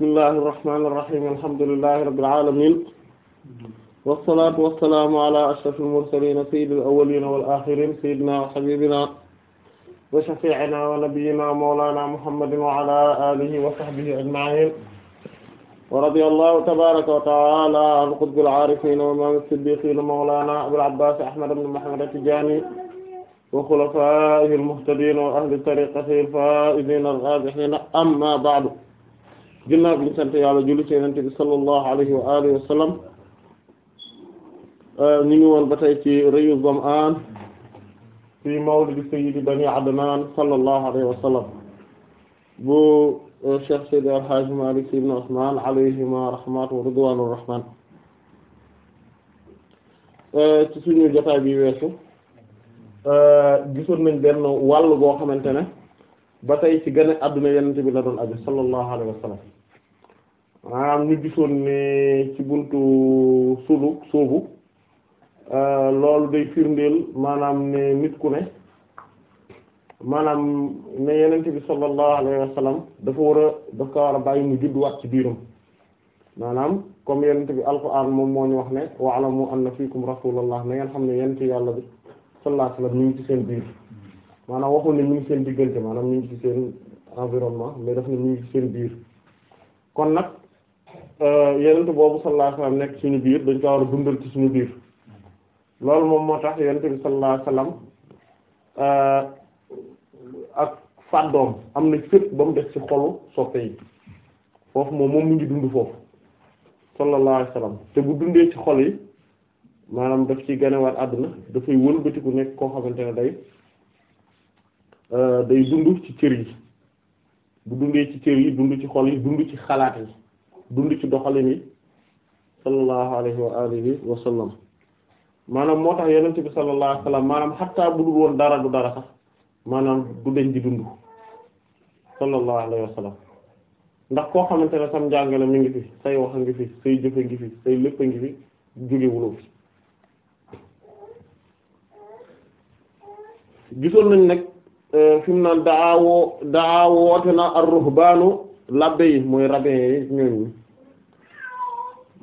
bismillahi irrahmani irrahim alhamdulillahi rabbil alamin wassalatu wassalaamu ala ashrafil mursalin sayyidil awwalin wal akhirin sayyidina wa habibina wa shafi'ina wa nabiyyina mawlana muhammadin wa ala alihi wa sahbihi ajma'in wa radiyallahu tabaraka wa ta'ala an qutbil arifin wa imam as-siddiqin mawlana abul abbas ahmad ibn muhammad at-tijani wa khulafa'ihil muhtadin wa ahli tariqatihi al-fa'izin ar-rabihin amma ba'du ginnaaw bi sant yàlla julli ci yonent bi sallallahu alayhi wa alihi wa sallam euh, ñu ngi woon ba tey ci rëyu zam'aan fi mawlidi sayyidi bani adnaan sallallahu alayhi wa sallam bu euh, cheikh seydi alhaaj malik ibn usman alayhima rahmatu wa ridwanur rahman euh, ci suñu jotaay bi weesu gisoon nañ benn wàll goo xamante ne ba tey ci gën a adduna yenente bi la doon abi sallallahu alayhi wa sallam maanaam ñu gisoon ne ci buntu suubu suubu euh, loolu day firndeel maanaam ne nit ku ne maanaam ne yenent bi sallallahu alayhi wa dafa war a dafa war a bàyyi mu wax ci biiram maanaam comme yenent bi alquran moom moo ñu wax ne wa'lamu anna fiikum rasulullah na ngeen xam ne yenent yàlla bi sallallahu alayhi wa sallam ñu ngi ci seen biir maanaam waxul ne ñu ngi seen diggante maanaam ñu ngi ci seen environnement mais daf ne ñu ngi seen biir kon nag Euh, yenent boobu sallallahu alayhi nekk suñu biir dañ ko war a dundal ci suñu biir loolu moom moo tax yenent bi sallallahu alayhi wasallam euh, ak fàddoom am na fépp ba mu def ci xolu soppe yi foofu moom moom mu ngi dund foofu sallallahu alayhi wasallam te bu dundee ci xol yi maanaam daf ci ganewaat àdduna dafay wëlbatiku nekk koo xamante ne day euh, day dund ci cër yi bu dundee ci cër yi dund ci xol yi dund ci xalaat yi dund ci doxalin yi sallallahu alayhi wa alihi wa sallam maanaam moo tax yenent bi sallallahu alayhi wa sallam maanaam xattaa bu dul woon dara du dara sax maanaam du deñ di dund sallallahu alayhi wa sallam ndax koo xamante ne sam njàngale mi ngi fi say wax ngi fi say jëf a ngi fi say lépp a ngi fi jógewuloo fi gisoon nañ nag euh, fi mu naan daawoo daawoote na ar-ruhbaanu yi mooy rabbin yi ñooñu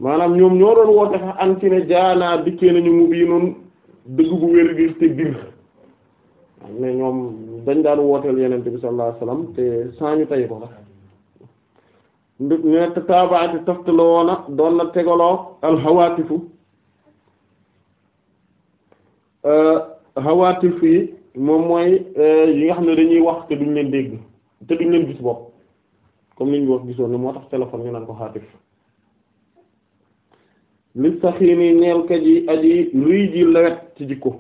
maanaam ñoom ñoo doon woote sax an jaanaa dikkee nañu mu bii noonu dëgg bu wér gi te biir am ne ñoom dañ daan wooteel yenente bi sallallahu alayhi wasallam te saa ñu tay ko sax ñett taabaati taftaloona doon na tegaloo alxawaatifu euh, xawaatif yi moom mooy euh, yi nga xam ne dañuy wax te duñ leen dégg te duñ leen gis bopp comme ni ñu wax gisoon moo tax téléphone ñu naan ko xaatif li saxiini ñeel ka ji aji rëy ji lewet ci jikko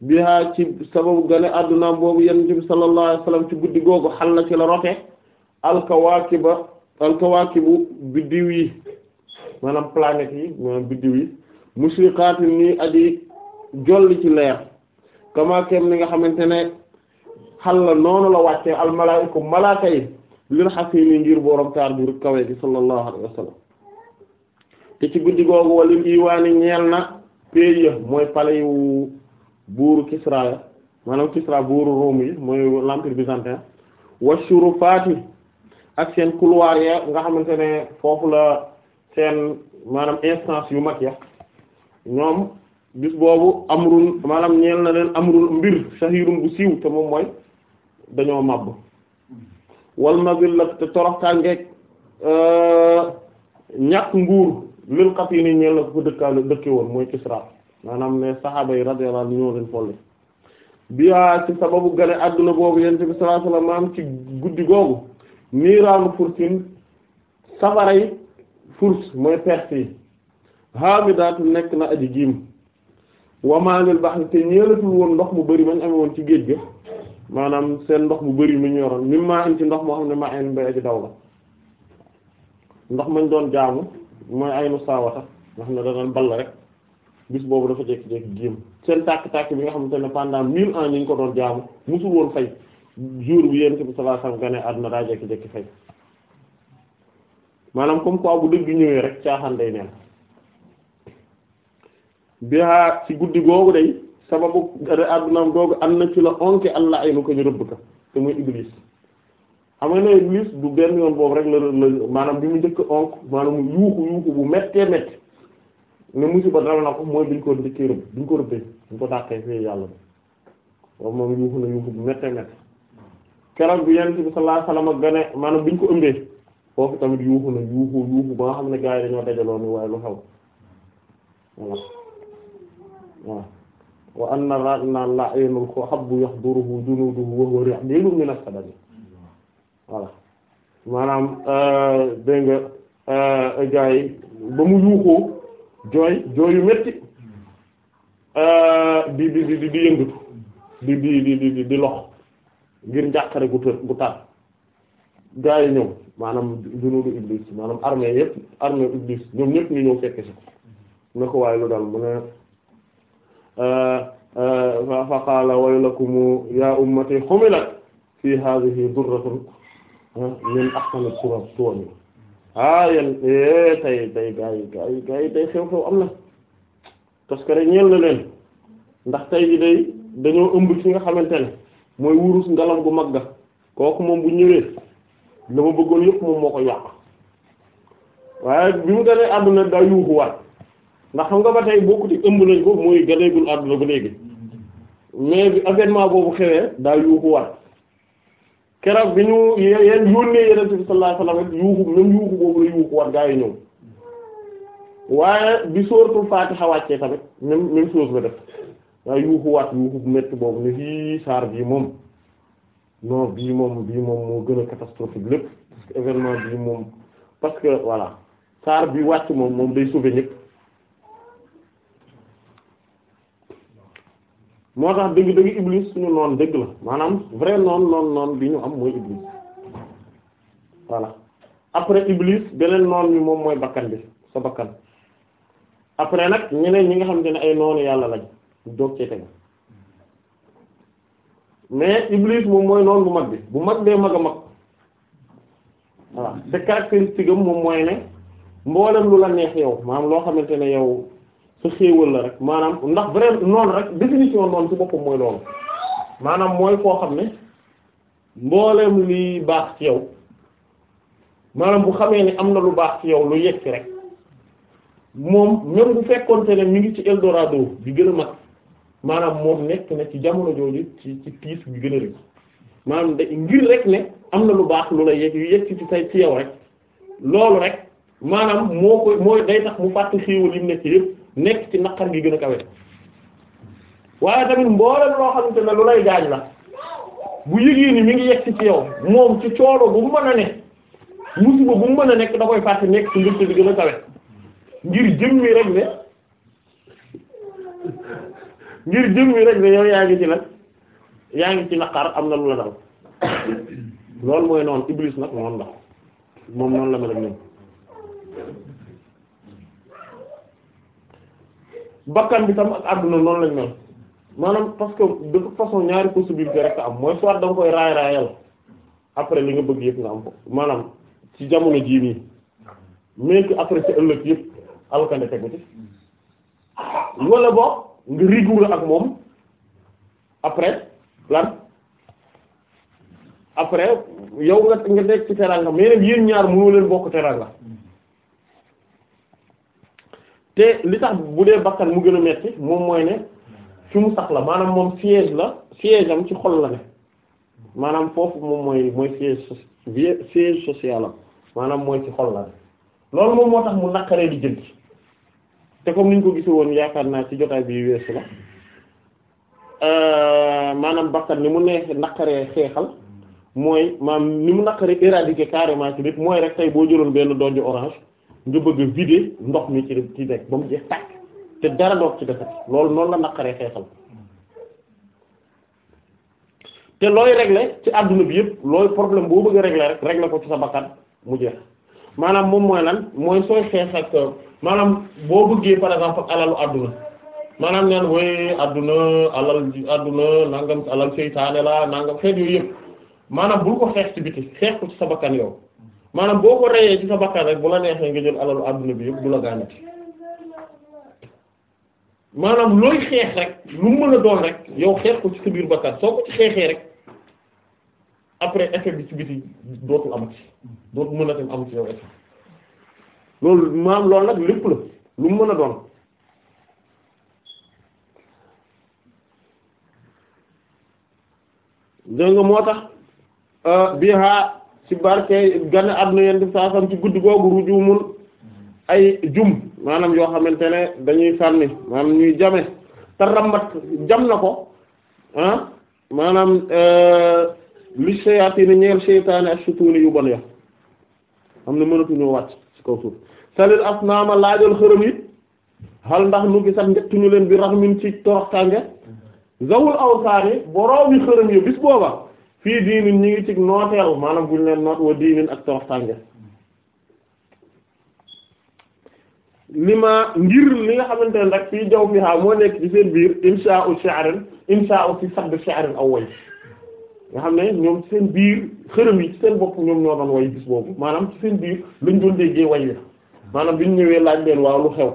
bihaa ci sababu gane àdduna boobu yonent bi sallallahu wasallam ci guddi googu xal na ci la rote alkawaakiba alkawaakibu biddiw yi maanaam planètes yi maanaam biddiw yi musriqaatin nii aji jolli ci leer kama li nga xamante ne xal la noonu la wàccee almalaa'iku malaaka yi lil xasiini ngir borom taar bi rek kawe gi sallallahu wasallam te ci guddi googu wala diwaani ñeel na pays ya mooy palais yu buuru Kisra ya maanaam Kisra buuru Rome yi mooy l'empire byzantin wa shurufati ak seen couloir ya nga xamante ne foofu la seen maanaam instance yu mag ya ñoom bis boobu amrun maanaam ñeel na leen amrun mbir shahirun bu siiw te moom mooy dañoo màbb wal mazillat te toroxtaangeeg euh, ñàkk nguur lil yi ñeel na ko ko dëkkaale dëkke woon mooy Kisra maanaam ne saxaaba yi radiyallahu anhum ñoo leen folli biyaa ci sababu gane adduna boobu yonent bi sallallahu alayhi wasallam maam ci guddi googu niiraanu fursin safaray furs mooy perte yi haamidaatu nekk na aji giim wamaanil bahri te ñeelatul woon ndox mu bari mañ amee woon ci géej gi maanaam seen ndox mu bari mu ñu yoroon mimma am ci ndox moo am ne ma en mbay aji mañ doon jaamu mooy aynu saawata nga xam ne da doon ball rek bis boobu dafa jékki-jékki géem seen tàkk-tàkk bi nga xamante ne pendant mille ans ñu ngi ko doon jaamu musul woon fay jour bi yent bi sallallahu alayhi gane àdduna daa jékki jekki fay maanaam comme quoi bu dëgg ñëwee rek caaxaan day neen bihaa ci guddi googu day sababu àddunaam googu am na ci la onke Allah aynu ko ñu rëbb ka te muy Iblis xam na ne Iblis du benn yoon boobu rek la la maanaam bi mu njëkk onk maanaam mu yuuxu yuuxu bu méttee métti ne musiba dal na ko mooy biñ ko njëkkee rëbb biñ ko rëbbee biñ ko dàqee fii yàlla bi boobu moom na yuuxu bu méttee métti keroog bi yonent bi maanaam biñ ko ëmbee foofu tamit yuuxu na yuuxu yuuxu ba nga xam ne gars yi dañoo dajaloo ni waaye lu xew voilà waaw wa anna ra'ayna al-la'ina al-habba yahduruhu junuduhu wa huwa rihilun min as-sadaq voilà maanaam euh, dégg nga euh, gars yi ba mu yuuxoo jooy jooy yu metti euh, di di di di yëngatu di di di ngir njàqare gu tër gu tar yi ñëw maanaam junuudu iblis maanaam armée yépp armée iblis ñoom ñépp ñu ñëw fekke si ko na ko waaye lu dal mu ne fa qaala waylakum ya ummati xumilat fi hadhihi durratun min ahsana suwar suwar yi ah yéen eh, tey tey gaa yi gaa yi gaa yi tey xew-xew am na parce que rek ñeel na leen ndax tey ji dañoo ëmb ci nga xamante ne mooy wurus ngalam gu mag ga kooku moom bu ñëwee la ma bëggoon yëpp moom moo ko yàq waaye bi mu ganee àdduna daa yuuxuwaat ndax xam nga ba tey bokkut ëmb nañ ko mooy ganeegul àdduna ba léegi mais bi avènement boobu xewee daa yuuxuwaat keroog bi ñu yéen yónnee yonent bi sallallahu alayhi wasallam yuuxu même yuuxu boobu la yuuxu war gaa yi ñëw waaye bi sóoratul Faatiha wàccee tamit même même chose la def waaye yuuxu waat yuuxu bu métti boobu ne fii saar bii moom non bii moom bii moom moo gën a catastrophique lépp parce que événement bii moom parce que voilà saar bi wàcc moom moom day sauver ñëpp moo tax dëgg-dëgg iblis suñu noon dëgg la maanaam vrai noon noon noon bi ñu am mooy iblis voilà après iblis beneen noon bi moom mooy bakkan bi sa bakkan après nag ñeneen ñi nga xamante ne ay noonu yàlla lañ doog cee teg mais iblis moom mooy noon bu mag bi bu mag bee mag a mag voilà te caractéristique am moom mooy ne mboolem lu la neex yow maanaam loo xamante ne yow sa xéewal la rek maanaam ndax vrai noonu rek définition noonu ci boppam mooy loolu maanaam mooy koo xam ne mbooleem li baax ci yow maanaam bu xamee ni am na lu baax ci yow lu yegg rek moom même bu fekkoonte ne ngi ci Eldorado bi gën a maanaam moom nekk na ci jamono jooju ci ci tiis bi gën a rëy maanaam da ngir rek ne am na lu baax lu la yegg yu yegg ci say ci yow rek loolu rek maanaam moo koy mooy day tax mu fàtte xéewal yi nekk yëpp nekk ci naqar gi gën a kawe waaye tamit mboolem loo xamante ne lu lay gaañ la bu yëgee ni mi ngi yegg ci yow moom ci coono bu mu mën a nekk musiba bu mu mën a nekk da koy fàtte nekk ci mbégte bi gën a kawe ngir jëmmi rek ne ngir jëmmi rek ne yow yaa ngi ci nag yaa ngi ci naqar am na lu la dal loolu mooy noonu Iblis nag moom la moom noonu la mel ak bakkan bi tam ak àdduna noonu lañ mel maanaam parce que de toute façon ñaari possibilité rek am mooy soit da koy raay raayal après li nga bëgg yëpp nga am ko maanaam ci jamono jii nii mais que après ci ëllëg yëpp alkande tegu ci wala boo nga rigoureux ak moom après lan après yow nga nga nekk ci teraanga mais nag yéen ñaar mënoo leen bokk teraanga. te li tax bu dee bakkan mu gën a metti moom mooy ne fi mu sax la maanaam moom siège la siège am ci xol la ne maanaam foofu moom mooy mooy siège siège social am maanaam mooy ci xol la ne loolu moom moo tax mu naqaree di jënd te comme niñ ko gise woon yaakaar naa ci jotaay bi weesu la euh, maanaam bakkan ni mu neex naqaree xeexal mooy maanaam ni mu naqaree éradiquer carrément ci nit mooy rek tey boo jëloon benn donju orange nga bëgg a vider ndox mi ci ci nekk ba mu jeex tàkk te dara doog ci defati loolu noonu la naqaree xeexal te looy régler ci àdduna bi yëpp looy problème boo bëgg a régler rek régler ko ci sa bakkan mu jeex maanaam moom mooy lan mooy sooy xeex ak maanaam boo bëggee par exemple alalu adduna maanaam neen wooy adduna alal adduna nangam alal seytaane la nangam xeet yooyu yëpp maanaam bul ko xeex ci biti xeex ko ci sa bakkan yow maanaam boo ko reyee ci sa bakkan rek bu la neexee nga jël alalu adduna bi yëpp du la gànnati maanaam looy xeex rek lu mu mën a doon rek yow xeex ko ci sa biir bakkan soo ko ci xeexee rek après effet bi ci biti dootul amati dootul mën a tam amati yow effet loolu maanaam loolu nag lépp la lu mu mën a doon dégg moo tax euh, biha ci barke gan àdduna yonent bi sallallahu alayhi wasallam ci guddi googu rujumun ay jum maanaam yoo xamante ne dañuy sànni maanaam ñuy jame te rambat jam na ko ah maanaam euh, li shayaatin ñeel shaytaani ak sutuni yu bon ya xam ne mënatuñoo wàcc ci kaw suuf salil asnaama laajal xërëm yi xal ndax nu gisat njettuñu leen bi raxmin ci toroxtànge zawul awsaani boroomi xërëm yi bis booba fii diinin ñi ngi ci nooteel maanaam buñ leen noot wa diinin ak toroxtànge li ma ngir li nga xamante ne rek fii jaw fiha moo nekk ci seen biir insha'u sha'rin insha'u fi sadd sha'rin aw way nga xam ne ñoom seen biir xërëm yi ci seen bopp ñoom ñoo doon way bis boobu maanaam ci seen biir lañ doon déggee way la maanaam biñ ñëwee laaj leen waaw lu xew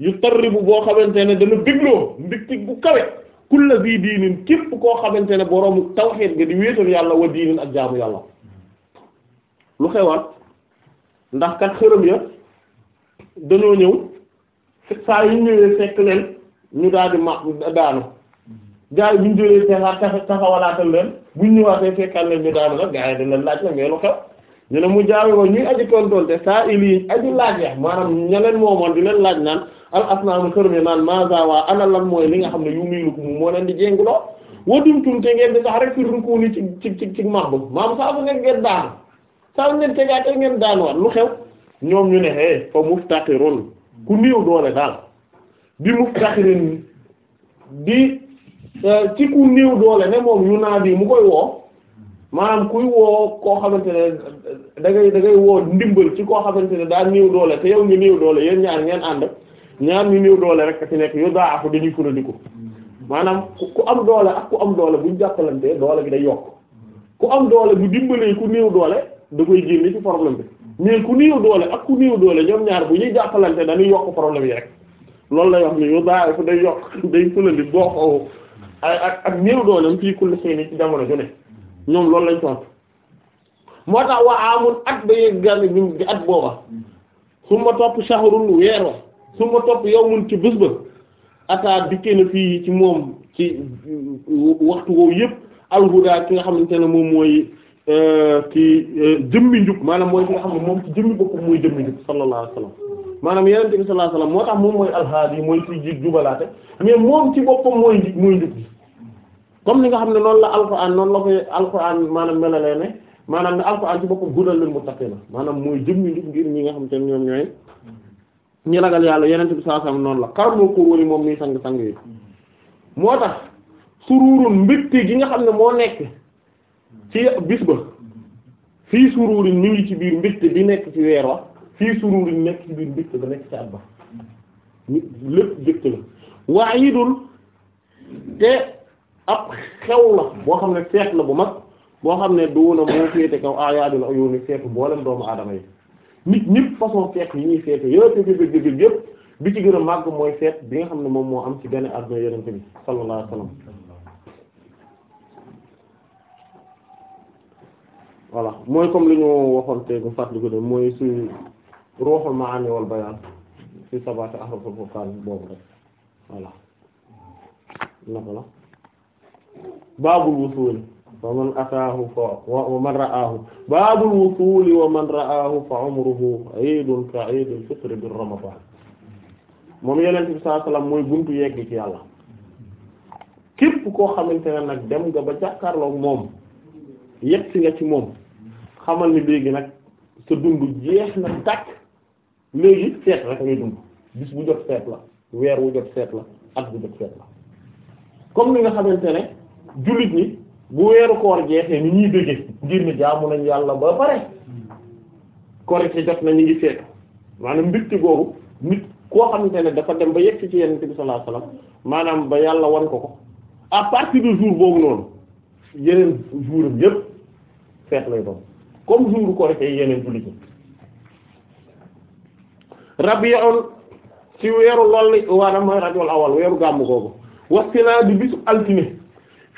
yu tarribu boo xamante ne dana bégloo ndig bu kawe kulla bii diinin képp koo xamante ne boroomu tawxiid nga di wéetal yàlla wa diinin ak jaamu yàlla lu xewal ndax kat xërëm ya dañoo ñëw saa yu ñëwee fekk leen ñu daal di ma daanu gaa yi bu ñu jëlee taxawalaatal leen bu ñu ñëwaatee fekkal leen ñu daanu nag gaa yi dañ leen laaj la mais lu xew ñu ne mu jaawe woo ñuy aji tontoonte saa ili aji laaj ya maanaam ña leen moomoon leen laaj naan al asnaamu xërme naan mazawa ana lan mooy li nga xam ne yu miilu ko moom moo leen di jénguloo wadumtum te ngeen di sax rek fi rukkuu ni ci ci ci ci max bu maam saa bu ngeen daanu saa bu ngeen tegaatee ngeen daanuwaat lu xew ñoom ñu ne hey fa muftaxirun ku néew doole daal bi muftaxirin di euh, ci ku néew doole ne moom yu naa bi mu koy woo maanaam kuy woo koo xamante ne da ngay da ngay woo ndimbal ci koo xamante ne daa néew doole te yow nga néew doole yéen ñaar ngeen ànd ñaar ñu néew doole rek a ci nekk yow daa afu dañuy furandiku maanaam ku am doole ak ku am doole buñ jàppalantee doole bi day yokk ku am doole bu dimbalee ku néew doole da koy génne ci problème bi mais ku néew doole ak ku néew doole ñoom ñaar bu ñuy jàppalante dañuy yokk problème yi rek loolu lay wax ni yow daa afu day yokk day fulandi boo xaw ak ak néew dooleem fii kulli seen ci jamono ju ne ñoom loolu lañ tontu moo tax waa amul at ba yegg gàllankoor ñun at booba su ma topp shahrun weer wa su ma yow yawmun ci bés ba ataa dikkee na fii ci moom ci waxtu woowu yëpp alhuda ki nga xamante ne moom mooy ci euh, euh, jëmmi njub mooy ki nga xam ne moom ci jëmmi boppam mooy jëmmi njub sallallahu alayhi wasallam maanaam yonent bi sallallahu alayhi wasallam mooy alhaadi mooy ci jiit jubalaate moom ci boppam mooy mooy njub bi. comme ni nga xam ne noonu la alquran noonu la koy alquran maanaam melalee ne maanaam ne alquran ci boppam hudal lil muttaqina maanaam mooy jëmmi njub ngir ñi nga xam ne ñoom ñooy ñi ragal yàlla yeneen bi noonu la xarmoo ko woni moom mi sang-sang yi moo tax sururun mbégte gi nga xam ne moo nekk ci bis ba fii sururin mi ngi ci biir mbégte bi nekk ci weer wa fii sururin nekk ci biir mbégte ba nekk ci ba lépp mbégte la waaye yi dul te ab xew la boo xam ne feet la bu mag boo xam ne duuna moo féete kaw ayaadul uyuuni feetu boolem doomu aadama yi nit ñëpp façon feet yi ñuy feetu yëpp yëpp yëpp bi ci gën a màgg mooy feet bi nga xam ne moom moo am ci benn adduna yonent bi sallallahu alayhi wasallam voilà mooy comme li ñu waxoon te bu fàttaliku ne mooy suñu ruuxul maani wal bayaan ci sabaati ahruful furqaan boobu rek voilà naka la baabul wusuuli wa man ataahu fa wa man ra'aahu baabul wusuuli wa man ra'aahu fa umruhu iidun ka iidil fitri moom yeneen bi sallallahu alayhi wasallam mooy buntu yegg ci yàlla képp koo xamante ne nag dem nga ba jàkkaarloog moom yegg si nga ci moom xamal ni léegi nag sa dund jeex na tàkk léegi seet rek ngay dund bis bu jot seet la weer wu jot seet la at bu jot seet la comme ni nga xamante ne jullit ñi bu weeru koor jeexee ni ñuy bëgge ngir ni jaamu nañ yàlla ba pare korite jot na ngi feetu maanaam mbirti googu nit koo xamante ne dafa dem ba yegg ci yenn bi sallallahu alayhi wasallam maanaam ba yàlla wan ko ko à partir du jour boobu noonu yeneen jouram yépp feet lay doon comme jour korite yeneen jullit ñi rabiul ci weeru lool maanaam mooy rabiul awal weeru gàmm googu waxtinaa di bisu altine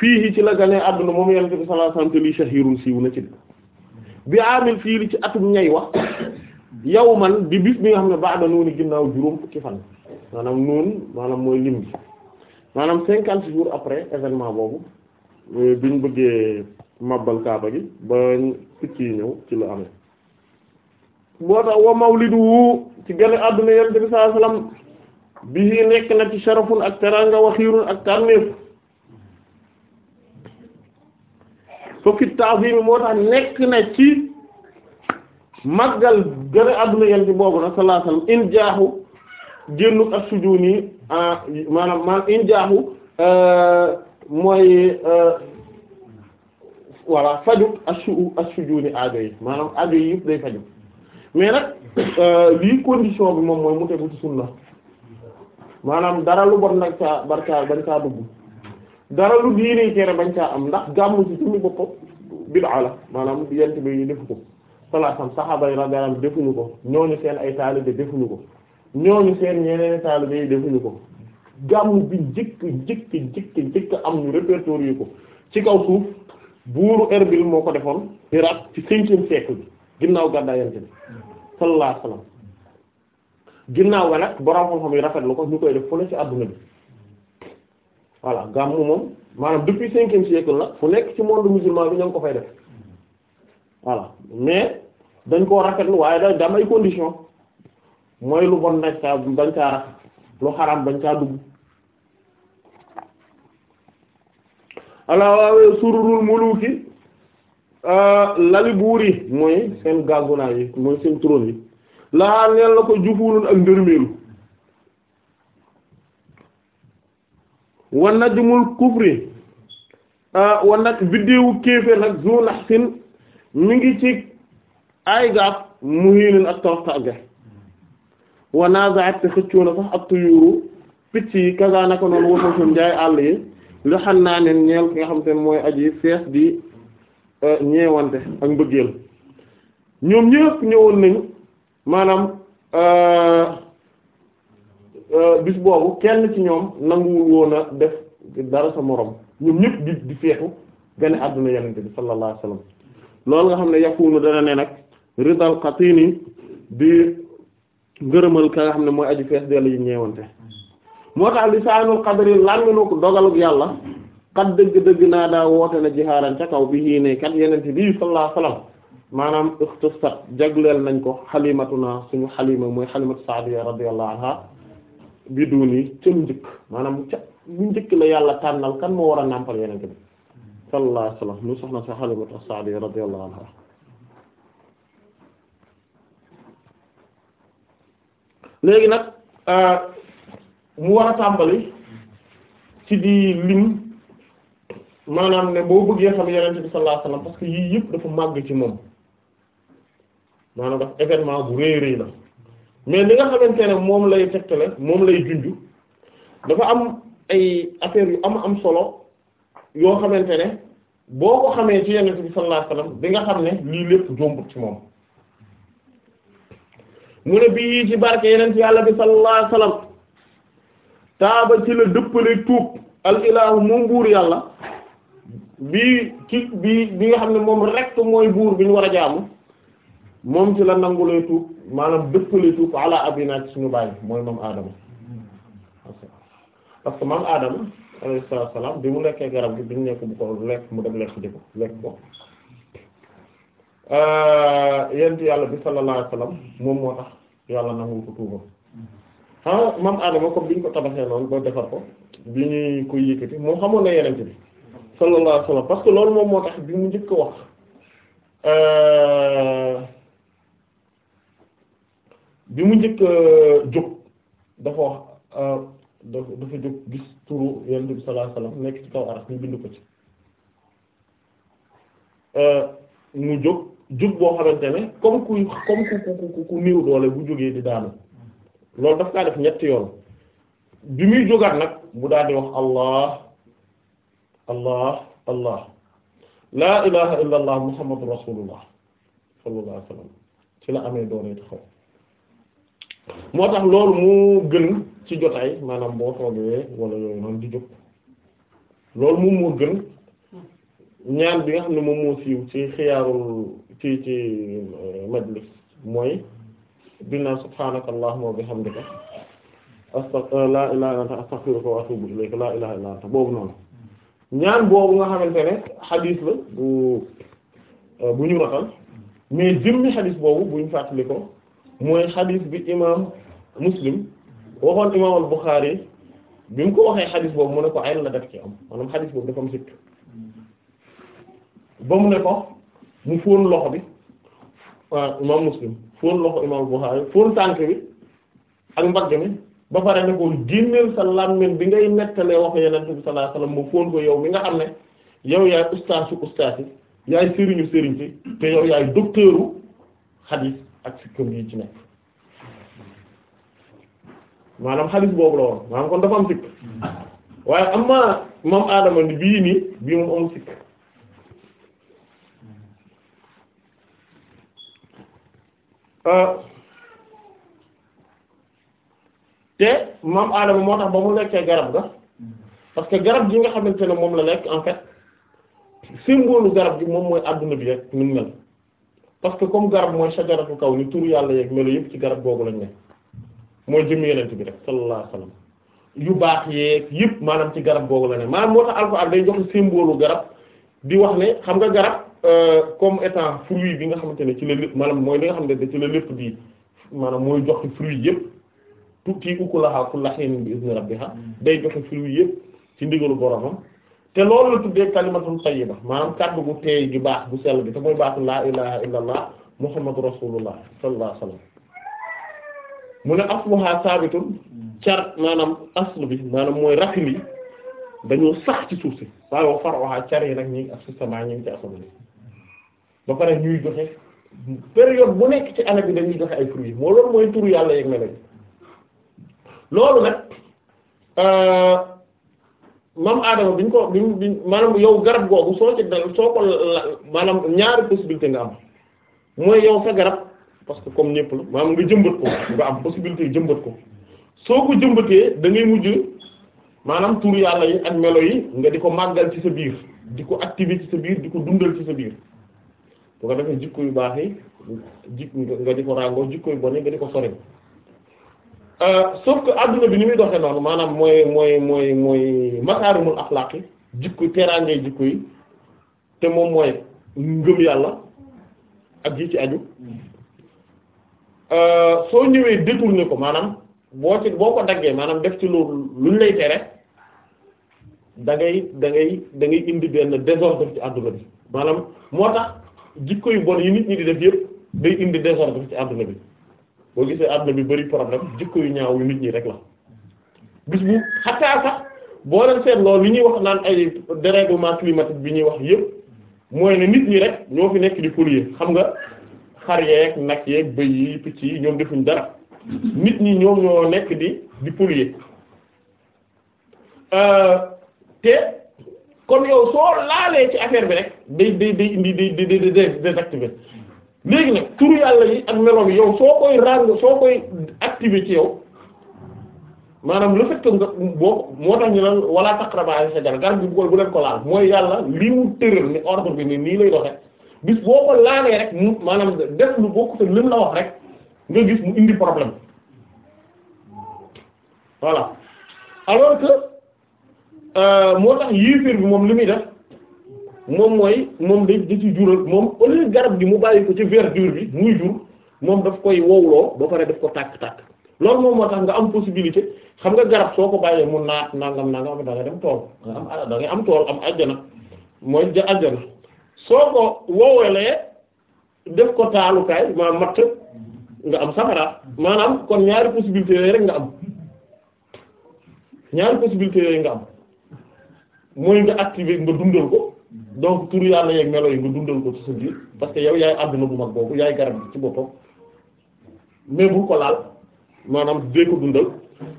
fii ci la ganee àdduna moom yonent bi sallallahu alayhi wasallam te lii shahirun siiw na ci bi amil fii li ci atum ñay wax yow man bi bis bi nga xam ne ba'da nuuni ginnaaw juróom fukki fan maanaam nuun maanaam mooy lim bi maanaam cinquante jours après événement boobu euh, bi ñu bëggee màbbal kaaba gi ba picc ñëw ci lu amee boo tax wa mawlidu ci gane àdduna yonent bi sallallahu alayhi wasallam bi nekk na ci sharafun ak teranga wax xiirun ak tànneef fa fit ta'zim moo tax nekk na ci màggal gën adduna yent bi boobu nag sallallahu alayhi wasallam in jaaxu génnuk ak sujjóot ah, maanaam maanaam in jaaxu euh, mooy euh, voilà faju assu assujuuni aajo yi maanaam aajo yi yëpp day faju mais nag euh, lii condition bi moom mooy mu tegu ci sunna maanaam dara lu bon nag saa barka bañ saa dara lu diine tere bañ am ndax gàmmu ci suñu boppam bid'a la maanaam yent bi ñu defu ko salaatam saxaaba yi radiyallahu anhum defuñu ko ñoo ñooñu seen ay taalibe defuñu ko ñooñu seen ñeneen taalibe yi defuñu ko gàmm bi njëkk njëkk njëkk njëkk am ñu yu ko ci kaw suuf buuru Erbil moo ko defoon Irak ci cinquième siècle bi ginnaaw gàddaa yent bi sallallahu alayhi ginnaaw ga nag borom xam-xam yi rafetlu ko ñu koy def fu ne ci àdduna bi voilà gàmm moom maanaam depuis cinquième siècle la fu nekk ci monde musulman bi ña ngi ko fay def voilà mais dañ koo rafetlu waaye da damay condition mooy lu bon dañ caa dañ caa rafet lu xaraam bañ caa dugg ala waawee sururul muluki euh, lali buur yi mooy seen gàggunaay yi mooy seen trône yi laaa neen la ko jufulul ak ndërmeelu wan najmul kufri wan nag biddeewu kéeféer nag zu nahsin mi ngi ci ay mu muhiinin ak toroxtaange wa nazaat te xëccoo na sax ak tuyuuru picc yi kaza naka noonu wala suñu jaay àll yi li xam naa ne ñeel ki nga xam te mooy aji fees di ñeewante ak mbëggeel ñoom ñëpp ñëwoon nañ maanaam. Euh, bis boobu kenn ci ñoom nanguwul woon a def dara sa morom ñu ñëpp di di feetu gane àdduna yonent bi sallallahu alayhi wasallam loolu nga xam ne yakunu dana ne nag ridal xatini di ngërëmal ka nga xam ne mooy aju fees dell yi ñeewante moo tax li saanul qadri lànginu ko dogaluk yàlla kat dëgg-dëgg naa daa woote na jihaaran ca kaw bi yii ne kat yenente bi sallallahu alayhi wasallam maanaam ixtasat jagleel nañ ko naa suñu xalima mooy xalimatu saadiya radiyallahu anha bi duni ca lu njëkk maanaam ca lu njëkk la yàlla tànnal kan moo war a nàmpal yenente bi sallallahu alayhi wasallam mu soxna sa Halimatu Saadiya radiyallahu anha léegi nag euh, mu war a tàmbali ci di lim maanaam ne boo bëggee xam yenente bi sallallahu alayhi wasallam parce que yii yëpp dafa màgg ci moom maa maanaam dafa événement bu réy réy la mais li nga xamante ne moom lay tegtale moom lay junju dafa am ay affaires yu am am solo yoo xamante ne boo ko xamee ci yenent bi sallallahu alayhi bi nga xam ne lii lépp jombut ci moom mu ne bii ci barke ci yàlla bi sallallahu alayhi wasallam taaba ci la dëppale tuub al ilahu moom buur yàlla bii ci bii bi nga xam ne moom rekk mooy buur bi ñu war a jaamu moom ci la nangulee tuub maanaam dëppalee tuub ala abina ci suñu bàyyi mooy maam Adama parce maam Adama alayhi salaam bi mu lekkee garab gi biñu nekk bu ko lekk mu dem lekk di ko lekk ko euh, yent yàlla bi sallallahu alayhi wasallam moom moo tax yàlla nangul ko tuubam ah maam Adama comme bi ñu ko tabaxee noonu ba defar ko bi ñuy koy yëkkati moom xamoon na yeneen bi sallallahu alayhi wasallam parce que loolu moom moo tax bi mu njëkk ko wax. Euh, bi mu njëkk euh, jóg dafa wax euh, dafa jóg gis turu yonent bi sallallahu alayhi wasallam nekk ci kaw aras ñu bind ko ci euh, mu jóg jóg boo xamante ne comme ku comme ku ku ku néew doole bu jógee di daanu loolu daf kaa def ñetti yoon bi muy jógaat nag mu daal di wax allah allah allah laa ilaha illa allah muhammadur rasulullah sallallahu ci la amee doole taxaw moo tax loolu moo gën ci jotaay maanaam boo toogee wala yooyu noonu di jóg loolu moom moo gën ñaan bi nga xam ne moom moo siiw ci xiyaarul ci ci euh, majlis mooy binaan subhaanaka allahumma wa bihamdika euh, astaghfiruka laa ilaaha illa anta boobu noonu ñaan boobu nga xamante ne xadiis la bu euh, bu ñu raxal mais jëmmi xadiis boobu buñ fàttali ko mooy xadis bi imaam muslim waxoon imaam al bi mu ko waxee xadis boobu mu ne ko ay la def ci am maanaam xadis boobu dafa am sikk ba mu ne ko mu fóon loxo bi waaw ah, imaam muslim fóon loxo imaam al fóon tànk bi ak mbagg mi ba pare ne génneel sa làmmiñ bi ngay nettalee wax yeneen bi sallallahu alayhi mu fóon ko yow mi nga xam ne yow yaay ustaasu ustaas yi yaay sëriñu sëriñ si te yow yaay docteuru xadis ak sikkam yi ci nekk maanaam xaalis boobu la woon maanaam kon dafa am sikk waaye amma moom aadama ni bii nii bii moom amul sikk euh, te moom aadama moo tax ba mu lekkee garab ga parce garab gi nga xamante ne moom la lekk en fait symbole garab gi moom mooy adduna bi rek ñu mel parce que comme garab mooy sajaratu kaw ni tur yàlla yeeg melo yëpp ci garab googu lañ ne mooy jëm yenent bi rek sallallahu alayhi yu baax yeeg yëpp maanaam ci garab googu la ne maanaam moo tax alxuraan day joxe symbole garab di wax ne xam nga garab euh, comme étant fruit bi nga xamante ne ci la lépp maanaam mooy li nga xam ne ci la lépp di maanaam mooy joxe fruit yëpp tukki ukulaha kulla hin bi izni rabbiha day joxe fruit yëpp ci ndigalu boromam te loolu la tuddee kalimatun tayyiba maanaam kaddu gu teey gi baax bu sell bi te mooy baatu laa ilaha illa allah muhammadu rasulullah sallallahu alayhi wasallam mu ne asluha sabitun car maanaam aslu bi maanaam mooy racine yi dañoo sax ci suuf si waaye wa far'uha car yi nag ñi ak sistament ñi ngi ci asaman ba pare ñuy joxe période bu nekk ci année bi dañuy joxe ay fruits moo loolu mooy turu yàlla yeeg melo loolu nag euh, maam Adama bi ñu ko bi ñu maanaam yow garab googu soo ci dal soo ko maanaam ñaari possibilité nga am mooy yow sa garab parce que comme ñépp la maanaam nga jëmbat ko nga am possibilité jëmbat ko soo ko jëmbatee da ngay mujj maanaam tur yàlla yi ak melo yi nga di ko màggal ci sa biir di ko activer ci sa biir di ko dundal ci sa biir bu ko defee jikko yu baax yi jik nga di ko ràngoo jikko yu bon nga di ko sori Euh, sauf que àdduna bi ni muy doxee noonu maanaam mooy mooy mooy mooy makaarimul axlaaq yi jikko teraangay jikko yi te moom mooy ngëm yàlla ak yi ci aju euh, soo ñëwee détourné ko maanaam boo ci boo ko daggee maanaam def ci loolu luñ lay tere dangay dangay dangay indi benn désordre ci àdduna bi maanaam moo tax jikko yu bon yi nit ñi di def yëpp day indi désordre ci adduna bi boo gisee àdduna bi bari problème jikko yu ñaaw yu nit ñi rek la bis bu xataa sax boo leen seetloo li ñuy wax naan ay dérèglement climatique bi ñuy wax yépp mooy ne nit ñi rek ñoo fi nekk di polluer xam nga xar yeeg nag yeeg bëy yi picc yi ñoom defuñ dara nit ñi ñoom ñoo nekk di di polluer euh, te kon yow soo laalee ci affaire bi rek day day day indi day day day léegi nag turu yàlla yi ak meloom yow soo koy ràng soo koy activé ci yow maanaam le fait nga boo moo tax ñu naan wala taqraba ay sajara garab gi bu bu leen ko laal mooy yàlla lii mu tëral ni ordre bi nii lay doxe bis boo ko laalee rek maanaam def lu bokkut ak lim la wax rek nga gis mu indi problème voilà alors que euh, moo tax yiifir bi moom li muy def moom mooy moom day da ci jural moom au garab gi mu bàyyi ko ci verdure bi muy jur moom daf koy wowloo ba pare daf ko tàkk-tàkk loolu moom moo tax nga am possibilité xam nga garab soo ko bàyyee mu naat nangam nangam da nga dem tool am da ngay am tool am ajjana mooy ja ajjana soo ko wowalee def ko taalukaay maa matt nga am safara maanaam kon ñaari possibilité yooyu rek nga am ñaari possibilité yooyu nga am mooy nga activer nga dundal ko donc tur yàlla yeeg melo yi nga dundal ko ci sa biir parce que yow yaay àdduna bu mag boobu yaay garab bi ci boppam mais bu ko laal maanaam dee ko dundal